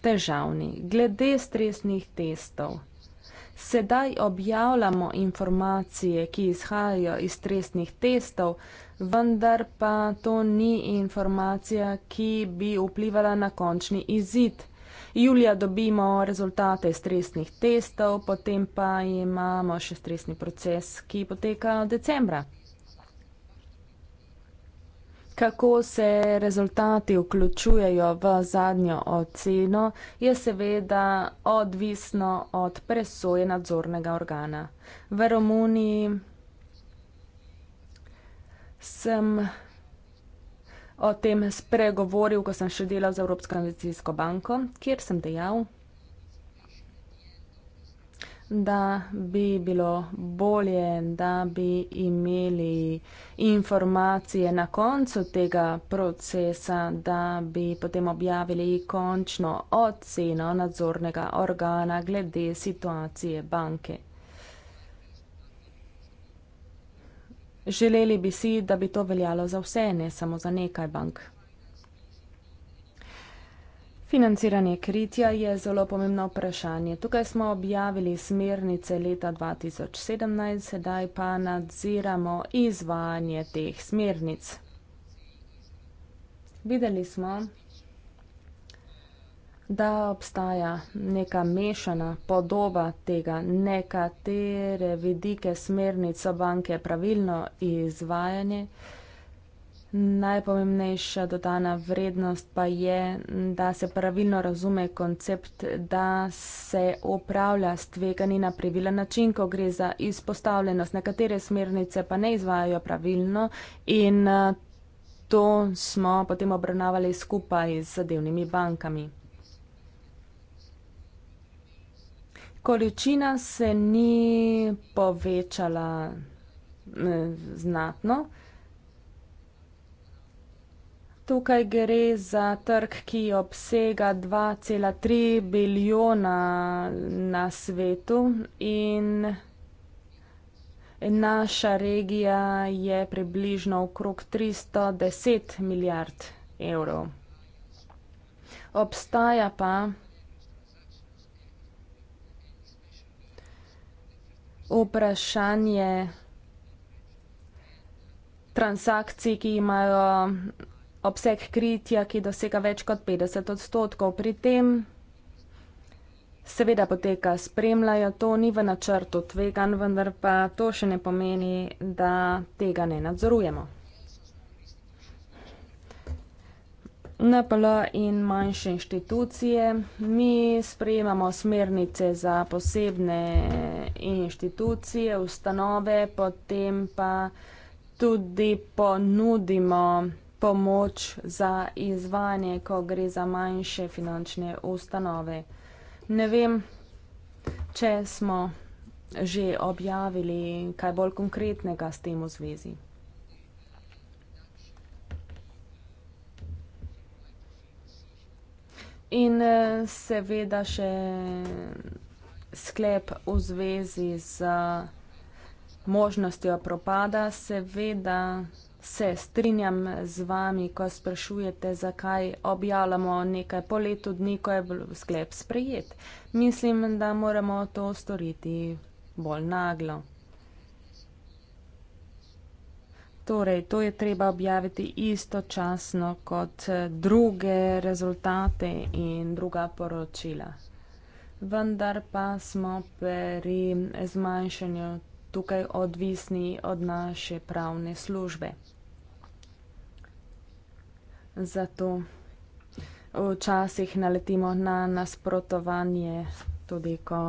težavni. Glede stresnih testov. Sedaj objavljamo informacije, ki izhajajo iz stresnih testov, vendar pa to ni informacija, ki bi vplivala na končni izid julija dobimo rezultate stresnih testov, potem pa imamo še stresni proces, ki poteka decembra. Kako se rezultati vključujejo v zadnjo oceno, je seveda odvisno od presoje nadzornega organa. V Romuniji sem o tem spregovoril, ko sem še delal za Evropsko investicijsko banko, kjer sem dejal, da bi bilo bolje, da bi imeli informacije na koncu tega procesa, da bi potem objavili končno oceno nadzornega organa glede situacije banke. Želeli bi si, da bi to veljalo za vse, ne samo za nekaj bank. Financiranje kritja je zelo pomembno vprašanje. Tukaj smo objavili smernice leta 2017, sedaj pa nadziramo izvajanje teh smernic. Videli smo, da obstaja neka mešana podoba tega, nekatere vidike smernico banke pravilno izvajanje. Najpomembnejša dodana vrednost pa je, da se pravilno razume koncept, da se upravlja s tvegani na pravilen način, ko gre za izpostavljenost. Nekatere smernice pa ne izvajajo pravilno in eh, to smo potem obravnavali skupaj z zadevnimi bankami. količina se ni povečala, znatno. Tukaj gre za trg, ki obsega dva cela tri bilijona na svetu in naša regija je približno okrog tristo deset milijard evrov. Obstaja pa vprašanje transakcij, ki imajo obseg kritja, ki dosega več kot 50 odstotkov. Pri tem seveda poteka spremljajo, to ni v načrtu tvegan, vendar pa to še ne pomeni, da tega ne nadzorujemo. NPL in manjše inštitucije. Mi sprejemamo smernice za posebne inštitucije, ustanove, potem pa tudi ponudimo pomoč za izvanje, ko gre za manjše finančne ustanove. Ne vem, če smo že objavili kaj bolj konkretnega s tem v zvezi. In eh, seveda še sklep v zvezi z možnostjo propada. Seveda se strinjam z vami, ko sprašujete, zakaj objavljamo nekaj po letu dni, ko je bil sklep sprejet. Mislim, da moramo to storiti bolj naglo. Torej, to je treba objaviti istočasno kot eh, druge rezultate in druga poročila. Vendar pa smo pri zmanjšanju tukaj odvisni od naše pravne službe. Zato včasih naletimo na nasprotovanje, tudi ko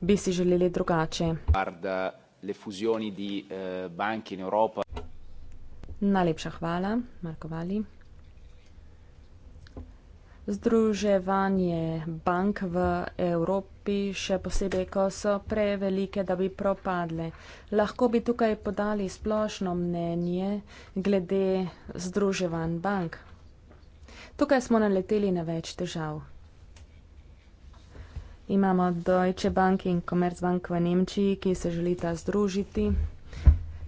bi si želeli drugače. Arda le fuzioni di eh, banche in Europa. Najlepša hvala, Marko Vali. Združevanje bank v Evropi, še posebej, ko so prevelike, da bi propadle. Lahko bi tukaj podali splošno mnenje glede združevanj bank. Tukaj smo naleteli na več težav. Imamo Deutsche Bank in Commerzbank v Nemčiji, ki se želita združiti.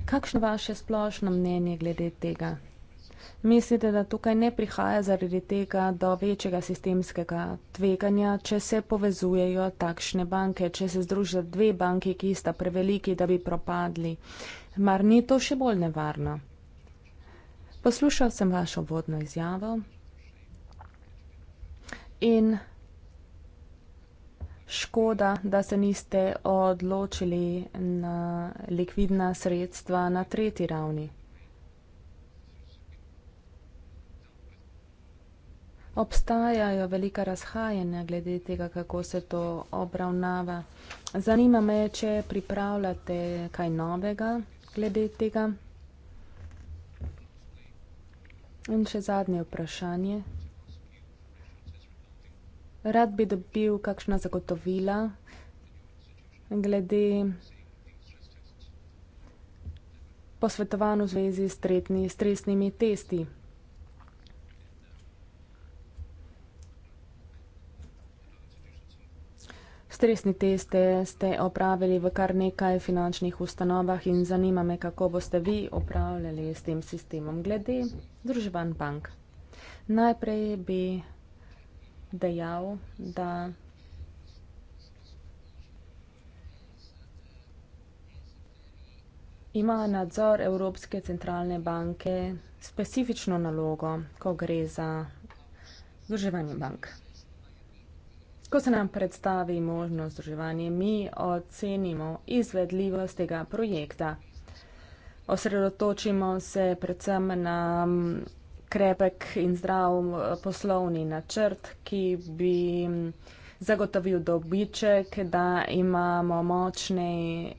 Kakšno vaše splošno mnenje glede tega? Mislite, da tukaj ne prihaja zaradi tega do večjega sistemskega tveganja, če se povezujejo takšne banke, če se združijo dve banki, ki sta preveliki, da bi propadli? Mar ni to še bolj nevarno? Poslušal sem vašo vodno izjavo in škoda, da se niste odločili na likvidna sredstva na tretji ravni. Obstajajo velika razhajanja glede tega, kako se to obravnava. Zanima me, če pripravljate kaj novega glede tega. In še zadnje vprašanje rad bi dobil kakšna zagotovila glede posvetovanj v zvezi s tretnimi stresnimi testi. Stresni teste ste opravili v kar nekaj finančnih ustanovah in zanima me, kako boste vi upravljali s tem sistemom glede Združevanj bank. Najprej bi dejal, da ima nadzor Evropske centralne banke specifično nalogo, ko gre za združevanje bank. Ko se nam predstavi možno združevanje, mi ocenimo izvedljivost tega projekta. Osredotočimo se predvsem na krepek in zdrav eh, poslovni načrt, ki bi zagotovil dobiček, da imamo močne eh,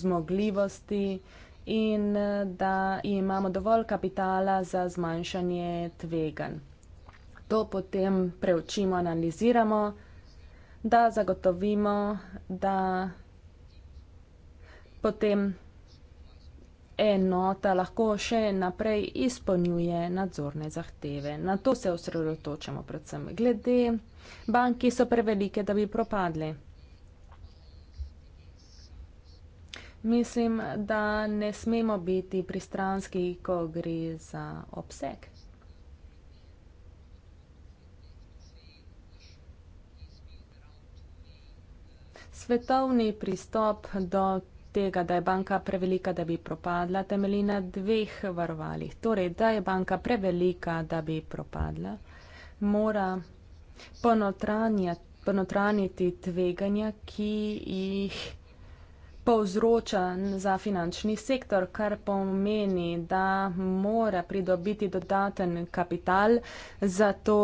zmogljivosti in eh, da imamo dovolj kapitala za zmanjšanje tveganj. To potem preučimo, analiziramo, da zagotovimo, da potem enota lahko še naprej izpolnjuje nadzorne zahteve. Na to se osredotočamo predvsem. Glede banki so prevelike, da bi propadle. Mislim, da ne smemo biti pristranski, ko gre za obseg. Svetovni pristop do tega, da je banka prevelika, da bi propadla, temelji na dveh varovalih. Torej, da je banka prevelika, da bi propadla, mora ponotraniti tveganja, ki jih povzroča za finančni sektor, kar pomeni, da mora pridobiti dodaten kapital za to,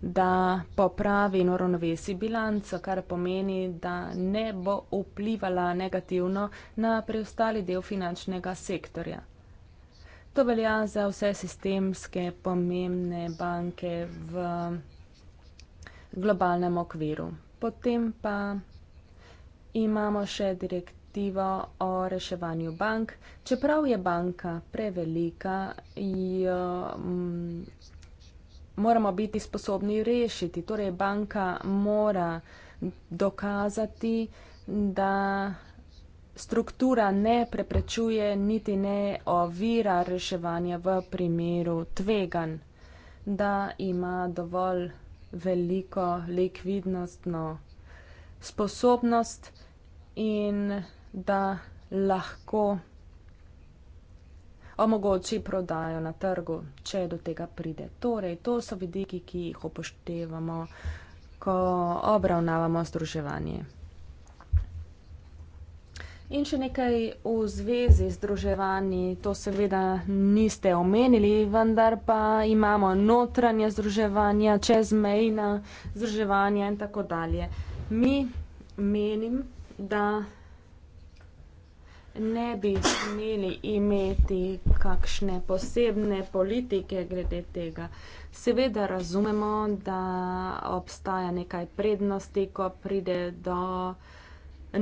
da popravi in uravnovesi bilanco, kar pomeni, da ne bo vplivala negativno na preostali del finančnega sektorja. To velja za vse sistemske pomembne banke v globalnem okviru. Potem pa imamo še direktivo o reševanju bank. Čeprav je banka prevelika, jo. Mm, moramo biti sposobni rešiti. Torej, banka mora dokazati, da struktura ne preprečuje niti ne ovira reševanja v primeru tvegan, da ima dovolj veliko likvidnostno sposobnost in da lahko omogoči prodajo na trgu, če do tega pride. Torej, to so vidiki, ki jih upoštevamo, ko obravnavamo združevanje. In še nekaj v zvezi z združevanji, to seveda niste omenili, vendar pa imamo notranje združevanja, čezmejna združevanja in tako dalje. Mi menim, da ne bi smeli imeti kakšne posebne politike glede tega. Seveda razumemo, da obstaja nekaj prednosti, ko pride do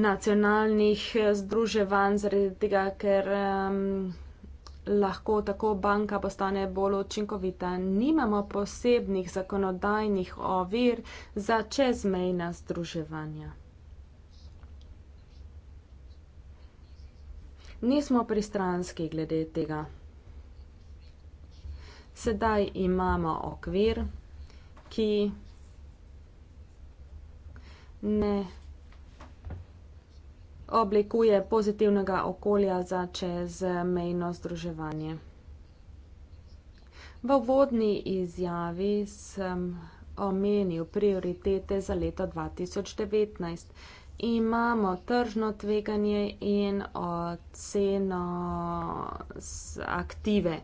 nacionalnih združevanj, zaradi tega, ker um, lahko tako banka postane bolj učinkovita. Nimamo posebnih zakonodajnih ovir za čezmejna združevanja. nismo pristranski glede tega. Sedaj imamo okvir, ki ne oblikuje pozitivnega okolja za čezmejno združevanje. V vodni izjavi sem omenil prioritete za leto 2019 imamo tržno tveganje in oceno aktive.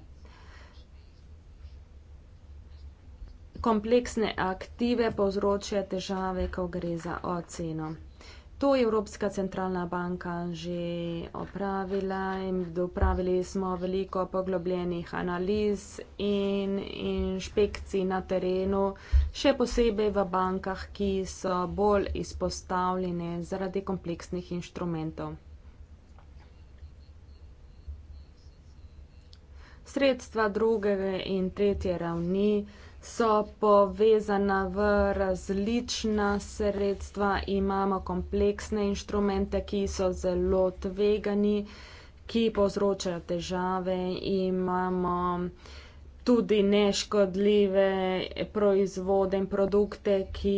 Kompleksne aktive povzročajo težave, ko gre za oceno to Evropska centralna banka že opravila in dopravili smo veliko poglobljenih analiz in inšpekcij na terenu, še posebej v bankah, ki so bolj izpostavljene zaradi kompleksnih inštrumentov. Sredstva druge in tretje ravni so povezana v različna sredstva, imamo kompleksne inštrumente, ki so zelo tvegani, ki povzročajo težave, imamo tudi neškodljive proizvode in produkte, ki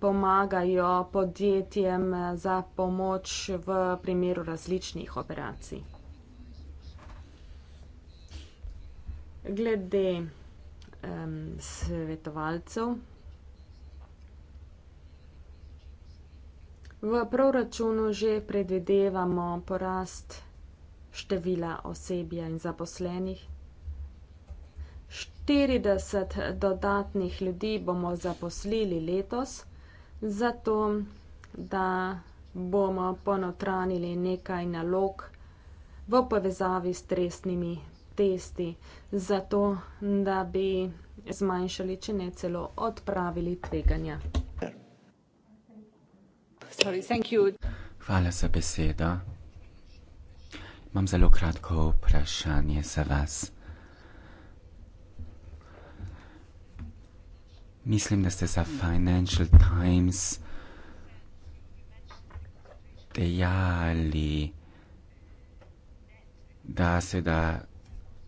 pomagajo podjetjem za pomoč v primeru različnih operacij. Glede um, svetovalcev. V proračunu že predvidevamo porast števila osebja in zaposlenih. 40 dodatnih ljudi bomo zaposlili letos, zato da bomo ponotranili nekaj nalog v povezavi s stresnimi testi za to, da bi zmanjšali, če ne celo odpravili tveganja. Hvala za besedo. Imam zelo kratko vprašanje za vas. Mislim, da ste za Financial Times dejali, da se da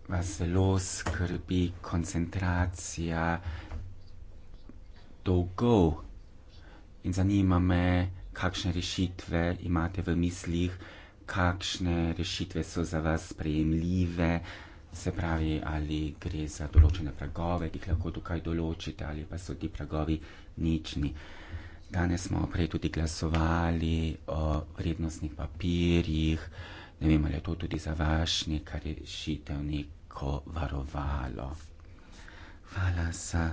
vas zelo skrbi koncentracija dolgov. In zanima me, kakšne rešitve imate v mislih, kakšne rešitve so za vas sprejemljive, se pravi, ali gre za določene pragove, ki jih lahko tukaj določite, ali pa so ti pragovi nični. Danes smo prej tudi glasovali o vrednostnih papirjih, ne vem, ali je to tudi za vaš nekaj rešitev, nek ko varovalo. Hvala za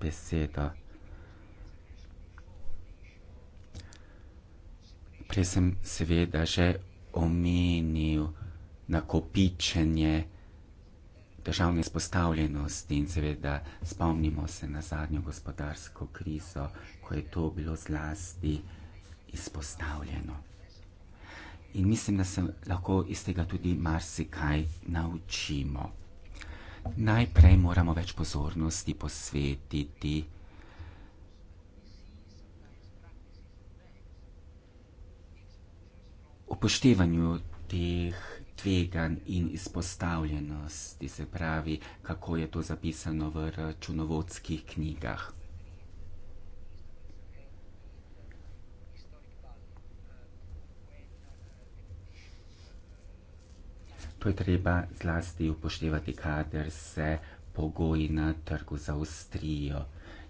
besedo. Prej sem seveda že omenil nakopičenje državne izpostavljenosti in seveda spomnimo se na zadnjo gospodarsko krizo, ko je to bilo zlasti izpostavljeno. In mislim, da se lahko iz tega tudi marsikaj naučimo. Najprej moramo več pozornosti posvetiti upoštevanju teh tvegan in izpostavljenosti, se pravi, kako je to zapisano v računovodskih knjigah. ko je treba zlasti upoštevati, kader se pogoji na trgu zaustrijo.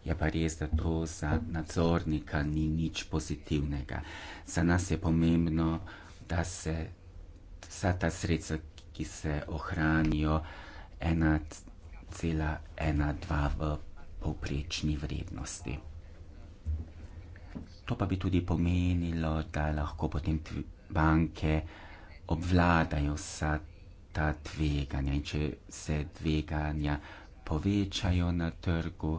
Je pa res, da to za nadzornika ni nič pozitivnega. Za nas je pomembno, da se vsa ta sredstva, ki se ohranijo, 1,12 v povprečni vrednosti. To pa bi tudi pomenilo, da lahko potem banke obvladajo vsa ta ta tveganja. In če se tveganja povečajo na trgu,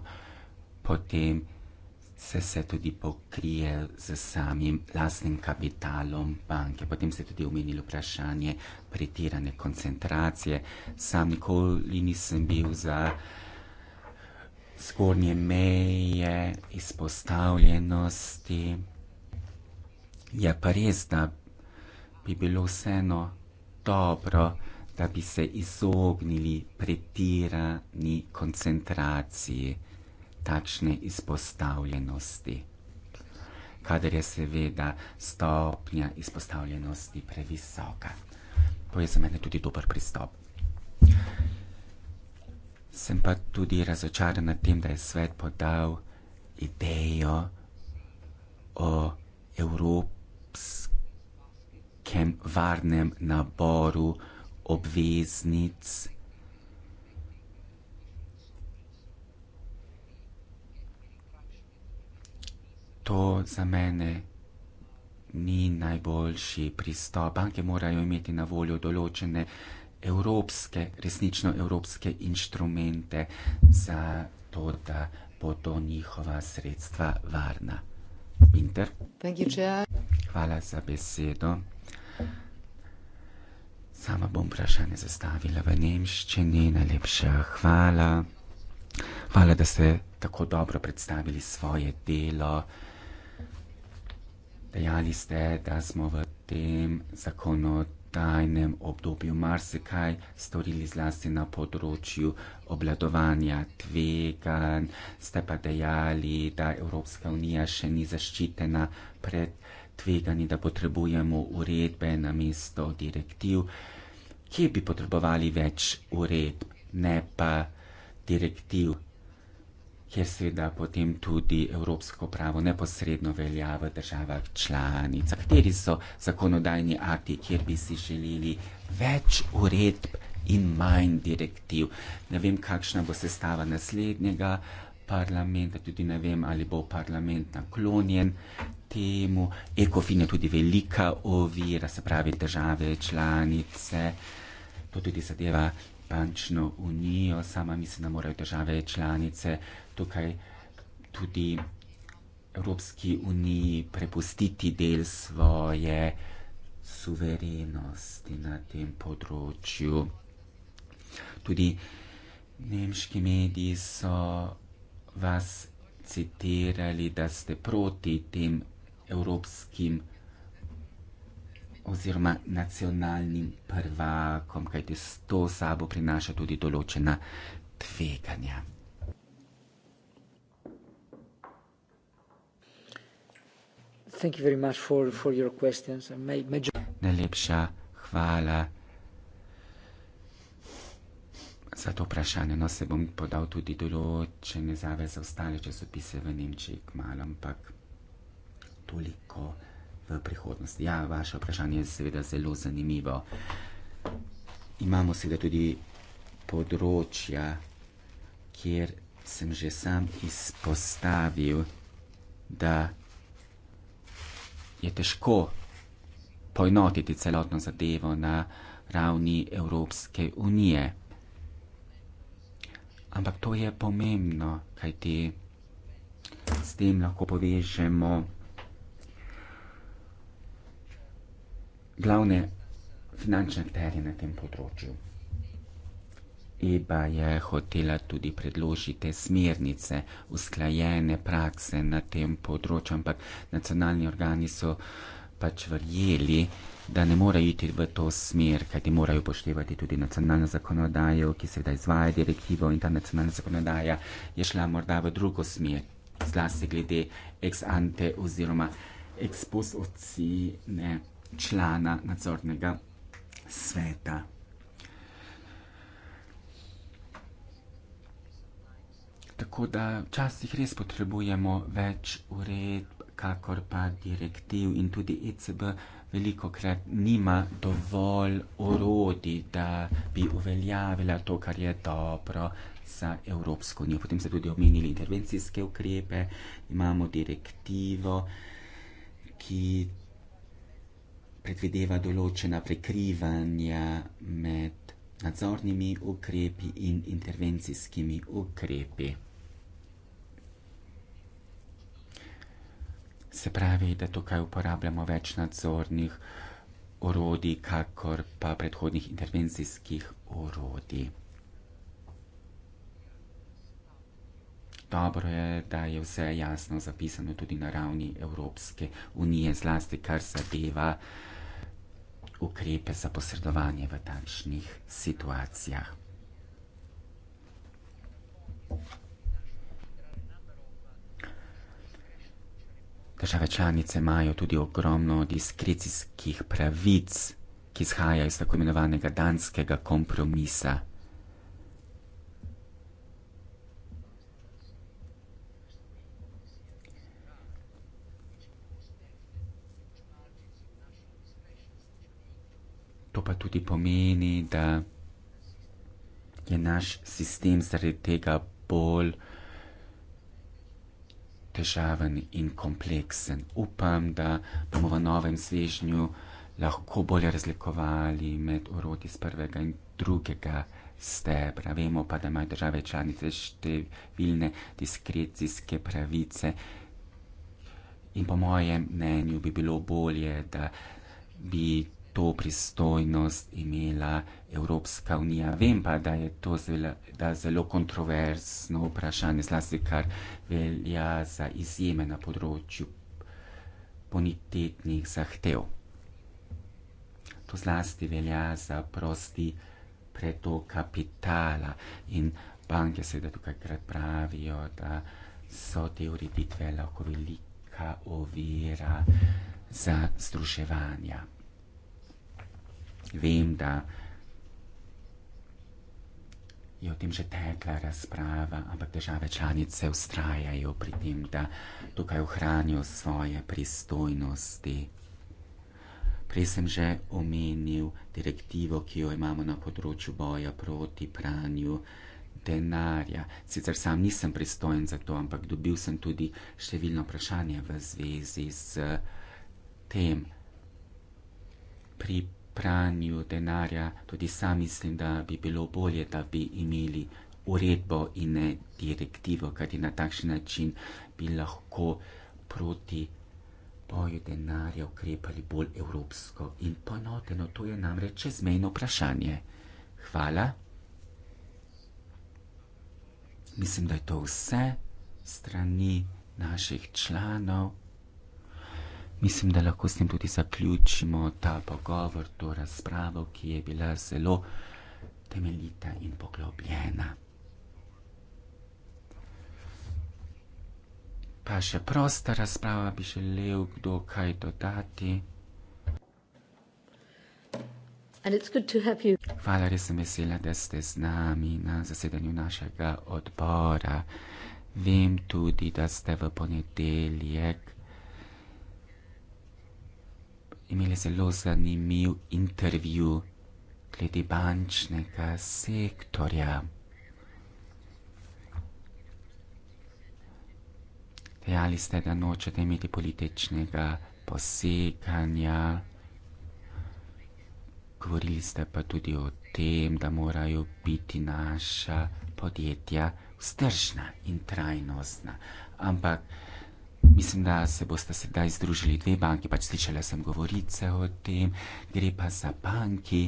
potem se, se tudi pokrije z samim lastnim kapitalom banke. Potem se tudi omenilo vprašanje pretirane koncentracije. Sam nikoli nisem bil za zgornje meje izpostavljenosti. Je ja, pa res, da bi bilo vseeno dobro, da bi se izognili pretirani koncentraciji takšne izpostavljenosti. Kadar je seveda stopnja izpostavljenosti previsoka. To je za mene tudi dober pristop. Sem pa tudi razočaran nad tem, da je svet podal idejo o evropskem varnem naboru, obveznic. To za mene ni najboljši pristop. Banke morajo imeti na voljo določene evropske, resnično evropske inštrumente za to, da bodo njihova sredstva varna. Winter. Thank you, Chair. Hvala za besedo. Sama bom vprašanje zastavila v nemščini, najlepša hvala. Hvala, da ste tako dobro predstavili svoje delo. Dejali ste, da smo v tem zakonodajnem obdobju marsikaj storili zlasti na področju obladovanja tveganj, ste pa dejali, da Evropska unija še ni zaščitena pred tvegani, da potrebujemo uredbe na mesto direktiv, kje bi potrebovali več uredb, ne pa direktiv, kjer seveda potem tudi evropsko pravo neposredno velja v državah članicah. Kateri so zakonodajni akti, kjer bi si želeli več uredb in manj direktiv? Ne vem, kakšna bo sestava naslednjega parlament, tudi ne vem, ali bo parlament naklonjen temu. Ekofin je tudi velika ovira, se pravi države, članice, to tudi zadeva bančno unijo, sama mislim, da morajo države, članice tukaj tudi Evropski uniji prepustiti del svoje suverenosti na tem področju. Tudi nemški mediji so vas citirali, da ste proti tem evropskim oziroma nacionalnim prvakom, kajti s to sabo prinaša tudi določena tveganja. For, for major... Najlepša hvala. za to vprašanje. No, se bom podal tudi določene zaveze ostale časopise v Nemčiji, malo, ampak toliko v prihodnosti. Ja, vaše vprašanje je seveda zelo zanimivo. Imamo seveda tudi področja, kjer sem že sam izpostavil, da je težko poenotiti celotno zadevo na ravni Evropske unije. Ampak to je pomembno, kaj ti s tem lahko povežemo glavne finančne akterje na tem področju. Eba je hotela tudi predložiti smernice, usklajene prakse na tem področju, ampak nacionalni organi so uh, pač verjeli, da ne morejo iti v to smer, kajti morajo upoštevati tudi nacionalno zakonodajo, ki se zdaj izvaja direktivo in ta nacionalna zakonodaja je šla morda v drugo smer, zlasti glede ex ante oziroma ex post ocene člana nadzornega sveta. Tako da včasih res potrebujemo več ured, kakor pa direktiv in tudi ECB veliko krat nima dovolj orodi, da bi uveljavila to, kar je dobro za Evropsko unijo. Potem so tudi omenili intervencijske ukrepe, imamo direktivo, ki predvideva določena prekrivanja med nadzornimi ukrepi in intervencijskimi ukrepi. Se pravi, da tukaj uporabljamo več nadzornih orodij, kakor pa predhodnih intervencijskih orodij. Dobro je, da je vse jasno zapisano tudi na ravni Evropske unije, zlasti kar zadeva ukrepe za posredovanje v takšnih situacijah. države članice imajo tudi ogromno diskrecijskih pravic, ki izhajajo iz tako imenovanega danskega kompromisa. To pa tudi pomeni, da je naš sistem zaradi tega bolj težaven in kompleksen. Upam, da bomo v novem svežnju lahko bolje razlikovali med orodji z prvega in drugega stebra. Vemo pa, da imajo države članice številne diskrecijske pravice. In po mojem mnenju bi bilo bolje, da bi to pristojnost imela Evropska unija. Vem pa, da je to zelo, da zelo kontroversno vprašanje, zlasti kar velja za izjeme na področju bonitetnih zahtev. To zlasti velja za prosti pretok kapitala in banke seveda tukajkrat pravijo, da so te ureditve lahko velika ovira za združevanja vem, da je o tem že tekla razprava, ampak države članice ustrajajo pri tem, da tukaj ohranijo svoje pristojnosti. Prej sem že omenil direktivo, ki jo imamo na področju boja proti pranju denarja. Sicer sam nisem pristojen za to, ampak dobil sem tudi številno vprašanje v zvezi s tem. Pri pranju denarja, tudi sam mislim, da bi bilo bolje, da bi imeli uredbo in ne direktivo, kaj ti na takšen način bi lahko proti boju denarja ukrepali bolj evropsko in ponoteno. To je namreč čezmejno vprašanje. Hvala. Mislim, da je to vse strani naših članov. Mislim, da lahko s tem tudi zaključimo ta pogovor, to razpravo, ki je bila zelo temeljita in poglobljena. Pa še prosta razprava, bi želel kdo kaj dodati. Hvala, res sem vesela, da ste z nami na zasedanju našega odbora. Vem tudi, da ste v ponedeljek imeli zelo zanimiv intervju glede bančnega sektorja. Dejali ste, da nočete imeti političnega posekanja. Govorili ste pa tudi o tem, da morajo biti naša podjetja vzdržna in trajnostna. Ampak, Mislim, da se boste sedaj združili dve banki, pač slišala sem govorice o tem, gre pa za banki,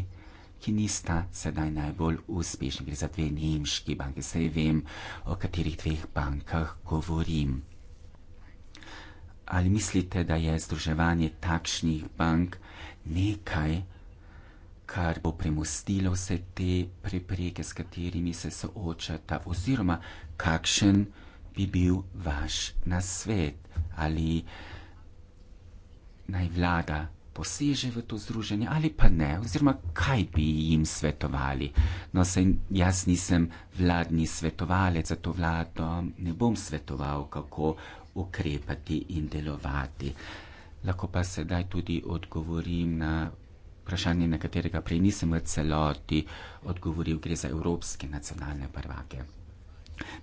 ki nista sedaj najbolj uspešni, gre za dve nemški banki, saj vem, o katerih dveh bankah govorim. Ali mislite, da je združevanje takšnih bank nekaj, kar bo premustilo vse te prepreke, s katerimi se soočata, oziroma kakšen bi bil vaš nasvet? ali naj vlada poseže v to združenje ali pa ne, oziroma kaj bi jim svetovali. No, sej jaz nisem vladni svetovalec za to vlado, ne bom svetoval, kako ukrepati in delovati. Lahko pa sedaj tudi odgovorim na vprašanje, na katerega prej nisem v celoti odgovoril, gre za evropske nacionalne prvake.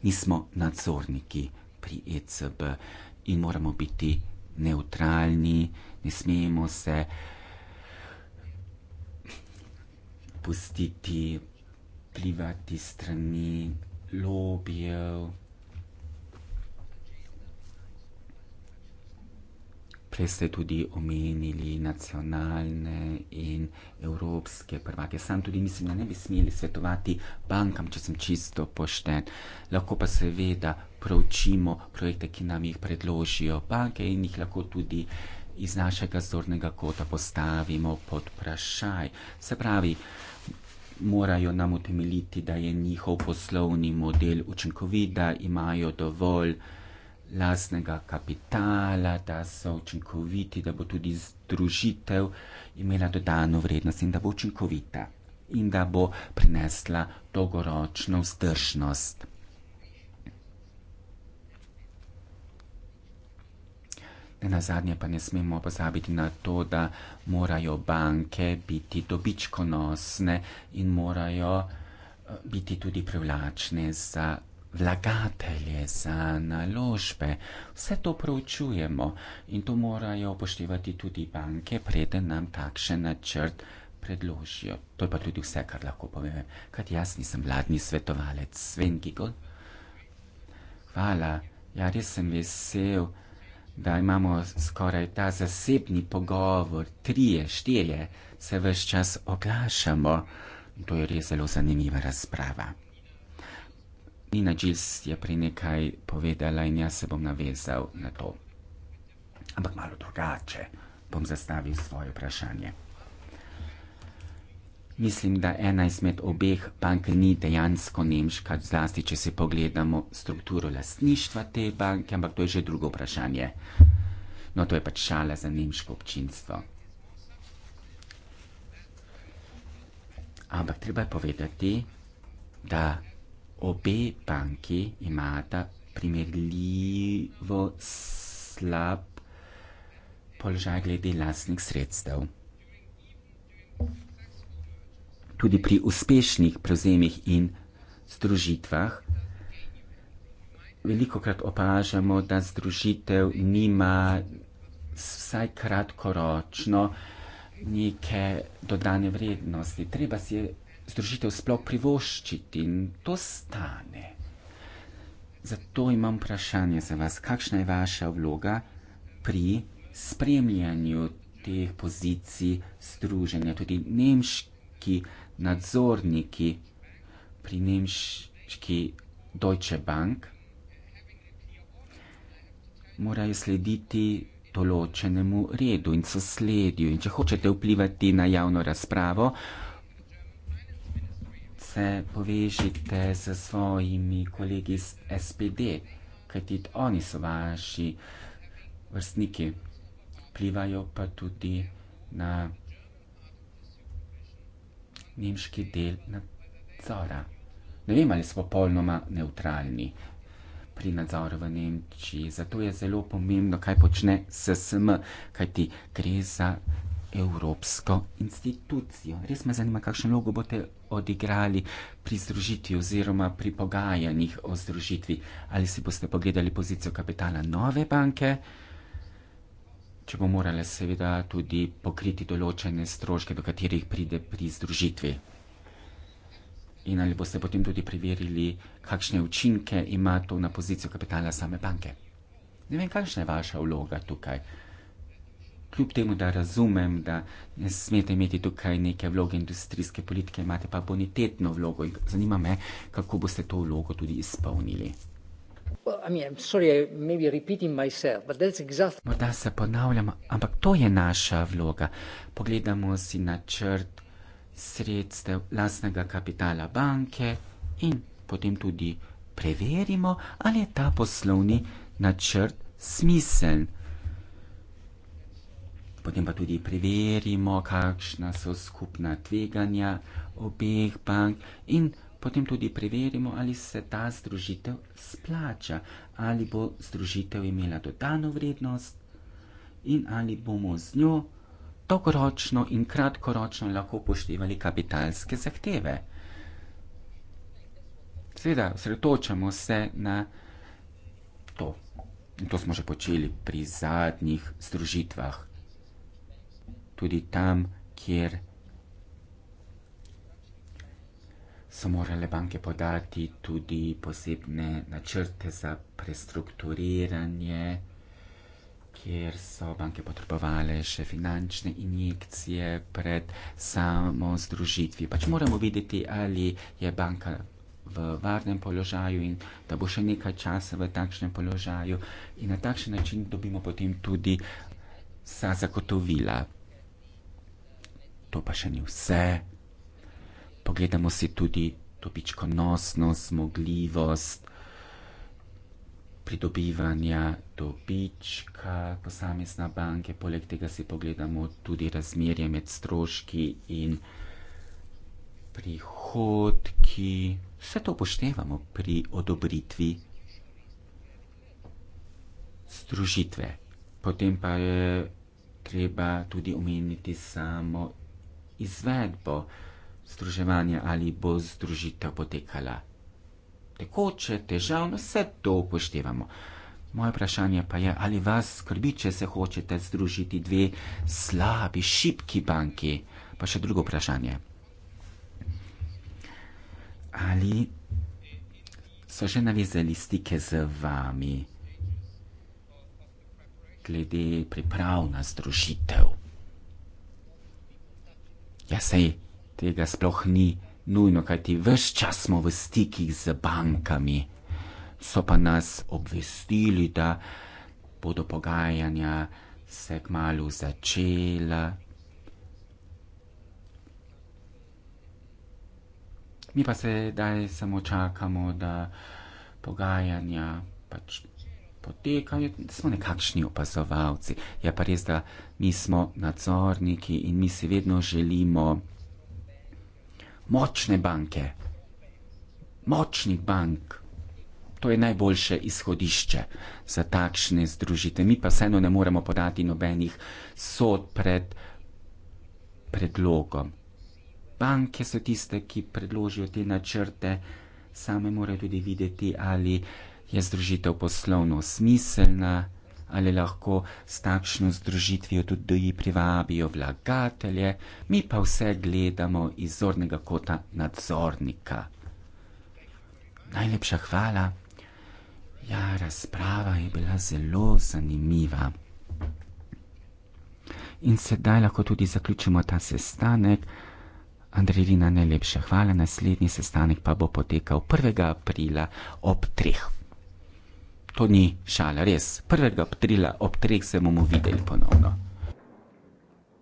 Nismo nadzorniki pri ECB in moramo biti neutralni, ne smemo se pustiti plivati strani lobijev. Prej ste tudi omenili nacionalne in evropske prvake. Sam tudi mislim, da ne bi smeli svetovati bankam, če sem čisto pošten. Lahko pa seveda proučimo projekte, ki nam jih predložijo banke in jih lahko tudi iz našega zornega kota postavimo pod vprašaj. Se pravi, morajo nam utemeljiti, da je njihov poslovni model učinkovit, da imajo dovolj lastnega kapitala, da so učinkoviti, da bo tudi združitev imela dodano vrednost in da bo učinkovita in da bo prinesla dolgoročno vzdržnost. Na zadnje pa ne smemo pozabiti na to, da morajo banke biti dobičkonosne in morajo eh, biti tudi privlačne za vlagatelje, za naložbe. Vse to proučujemo in to morajo upoštevati tudi banke, preden nam takšen načrt predložijo. To je pa tudi vse, kar lahko povem. Kaj jaz nisem vladni svetovalec, Sven Gigol? Hvala, ja res sem vesel, da imamo skoraj ta zasebni pogovor, trije, štirje, se vse čas oglašamo. To je res zelo zanimiva razprava. Nina Džils je prej nekaj povedala in jaz se bom navezal na to. Ampak malo drugače bom zastavil svoje vprašanje. Mislim, da ena izmed obeh bank ni dejansko nemška, zlasti če se pogledamo strukturo lastništva te banke, ampak to je že drugo vprašanje. No, to je pač šala za nemško občinstvo. Ampak treba je povedati, da obe banki imata primerljivo slab položaj glede lastnih sredstev. Tudi pri uspešnih prevzemih in združitvah velikokrat opažamo, da združitev nima vsaj kratkoročno neke dodane vrednosti. Treba si je združitev sploh privoščiti in to stane. Zato imam vprašanje za vas, kakšna je vaša vloga pri spremljanju teh pozicij združenja, tudi nemški nadzorniki pri nemški Deutsche Bank morajo slediti določenemu redu in sosledju in če hočete vplivati na javno razpravo, se povežite z svojimi kolegi iz SPD, kajti oni so vaši vrstniki, plivajo pa tudi na nemški del nadzora. Ne vem, ali so popolnoma neutralni pri nadzoru v Nemčiji, zato je zelo pomembno, kaj počne SSM, kajti gre za evropsko institucijo. Res me zanima, kakšno vlogo boste odigrali pri združitvi oziroma pri pogajanjih o združitvi? Ali si boste pogledali pozicijo kapitala nove banke, če bo morala seveda tudi pokriti določene stroške, do katerih pride pri združitvi? In ali boste potem tudi preverili, kakšne učinke ima to na pozicijo kapitala same banke? Ne vem, kakšna je vaša vloga tukaj kljub temu, da razumem, da ne smete imeti tukaj neke vloge industrijske politike, imate pa bonitetno vlogo in zanima me, kako boste to vlogo tudi izpolnili. Morda se ponavljam, ampak to je naša vloga. Pogledamo si načrt sredstev lastnega kapitala banke in potem tudi preverimo, ali je ta poslovni načrt smiseln potem pa tudi preverimo, kakšna so skupna tveganja obeh bank in potem tudi preverimo, ali se ta združitev splača, ali bo združitev imela dodano vrednost in ali bomo z njo dolgoročno in kratkoročno lahko upoštevali kapitalske zahteve. Seveda, sredotočamo se na to. In to smo že počeli pri zadnjih združitvah tudi tam, kjer so morale banke podati tudi posebne načrte za prestrukturiranje, kjer so banke potrebovale še finančne injekcije pred samo združitvi. Pač moramo videti, ali je banka v varnem položaju in da bo še nekaj časa v takšnem položaju in na takšen način dobimo potem tudi za zagotovila to pa še ni vse. Pogledamo si tudi dobičkonosnost, zmogljivost pridobivanja dobička posamezna banke. Poleg tega si pogledamo tudi razmerje med stroški in prihodki. Vse to upoštevamo pri odobritvi združitve. Potem pa je treba tudi omeniti samo izvedbo združevanja ali bo združitev potekala tekoče, težavno, vse to upoštevamo. Moje vprašanje pa je, ali vas skrbi, če se hočete združiti dve slabi, šipki banki? Pa še drugo vprašanje. Ali so že navezali stike z vami glede priprav na združitev? Ja, sej tega sploh ni nujno, kajti vse čas smo v stikih z bankami. So pa nas obvestili, da bodo pogajanja se kmalo začela. Mi pa sedaj samo čakamo, da pogajanja pač potekajo, smo nekakšni opazovalci. Je ja, pa res, da mi smo nadzorniki in mi si vedno želimo močne banke, močnih bank. To je najboljše izhodišče za takšne združitve. Mi pa vseeno ne moremo podati nobenih sod pred predlogom. Banke so tiste, ki predložijo te načrte, same morajo tudi videti ali je združitev poslovno smiselna, ali lahko s takšno združitvijo tudi privabijo vlagatelje, mi pa vse gledamo iz zornega kota nadzornika. Najlepša hvala. Ja, razprava je bila zelo zanimiva. In sedaj lahko tudi zaključimo ta sestanek. Andrejina, najlepša hvala. Naslednji sestanek pa bo potekal 1. aprila ob 3 to ni šala, res. Prvega aprila ob treh se bomo videli ponovno.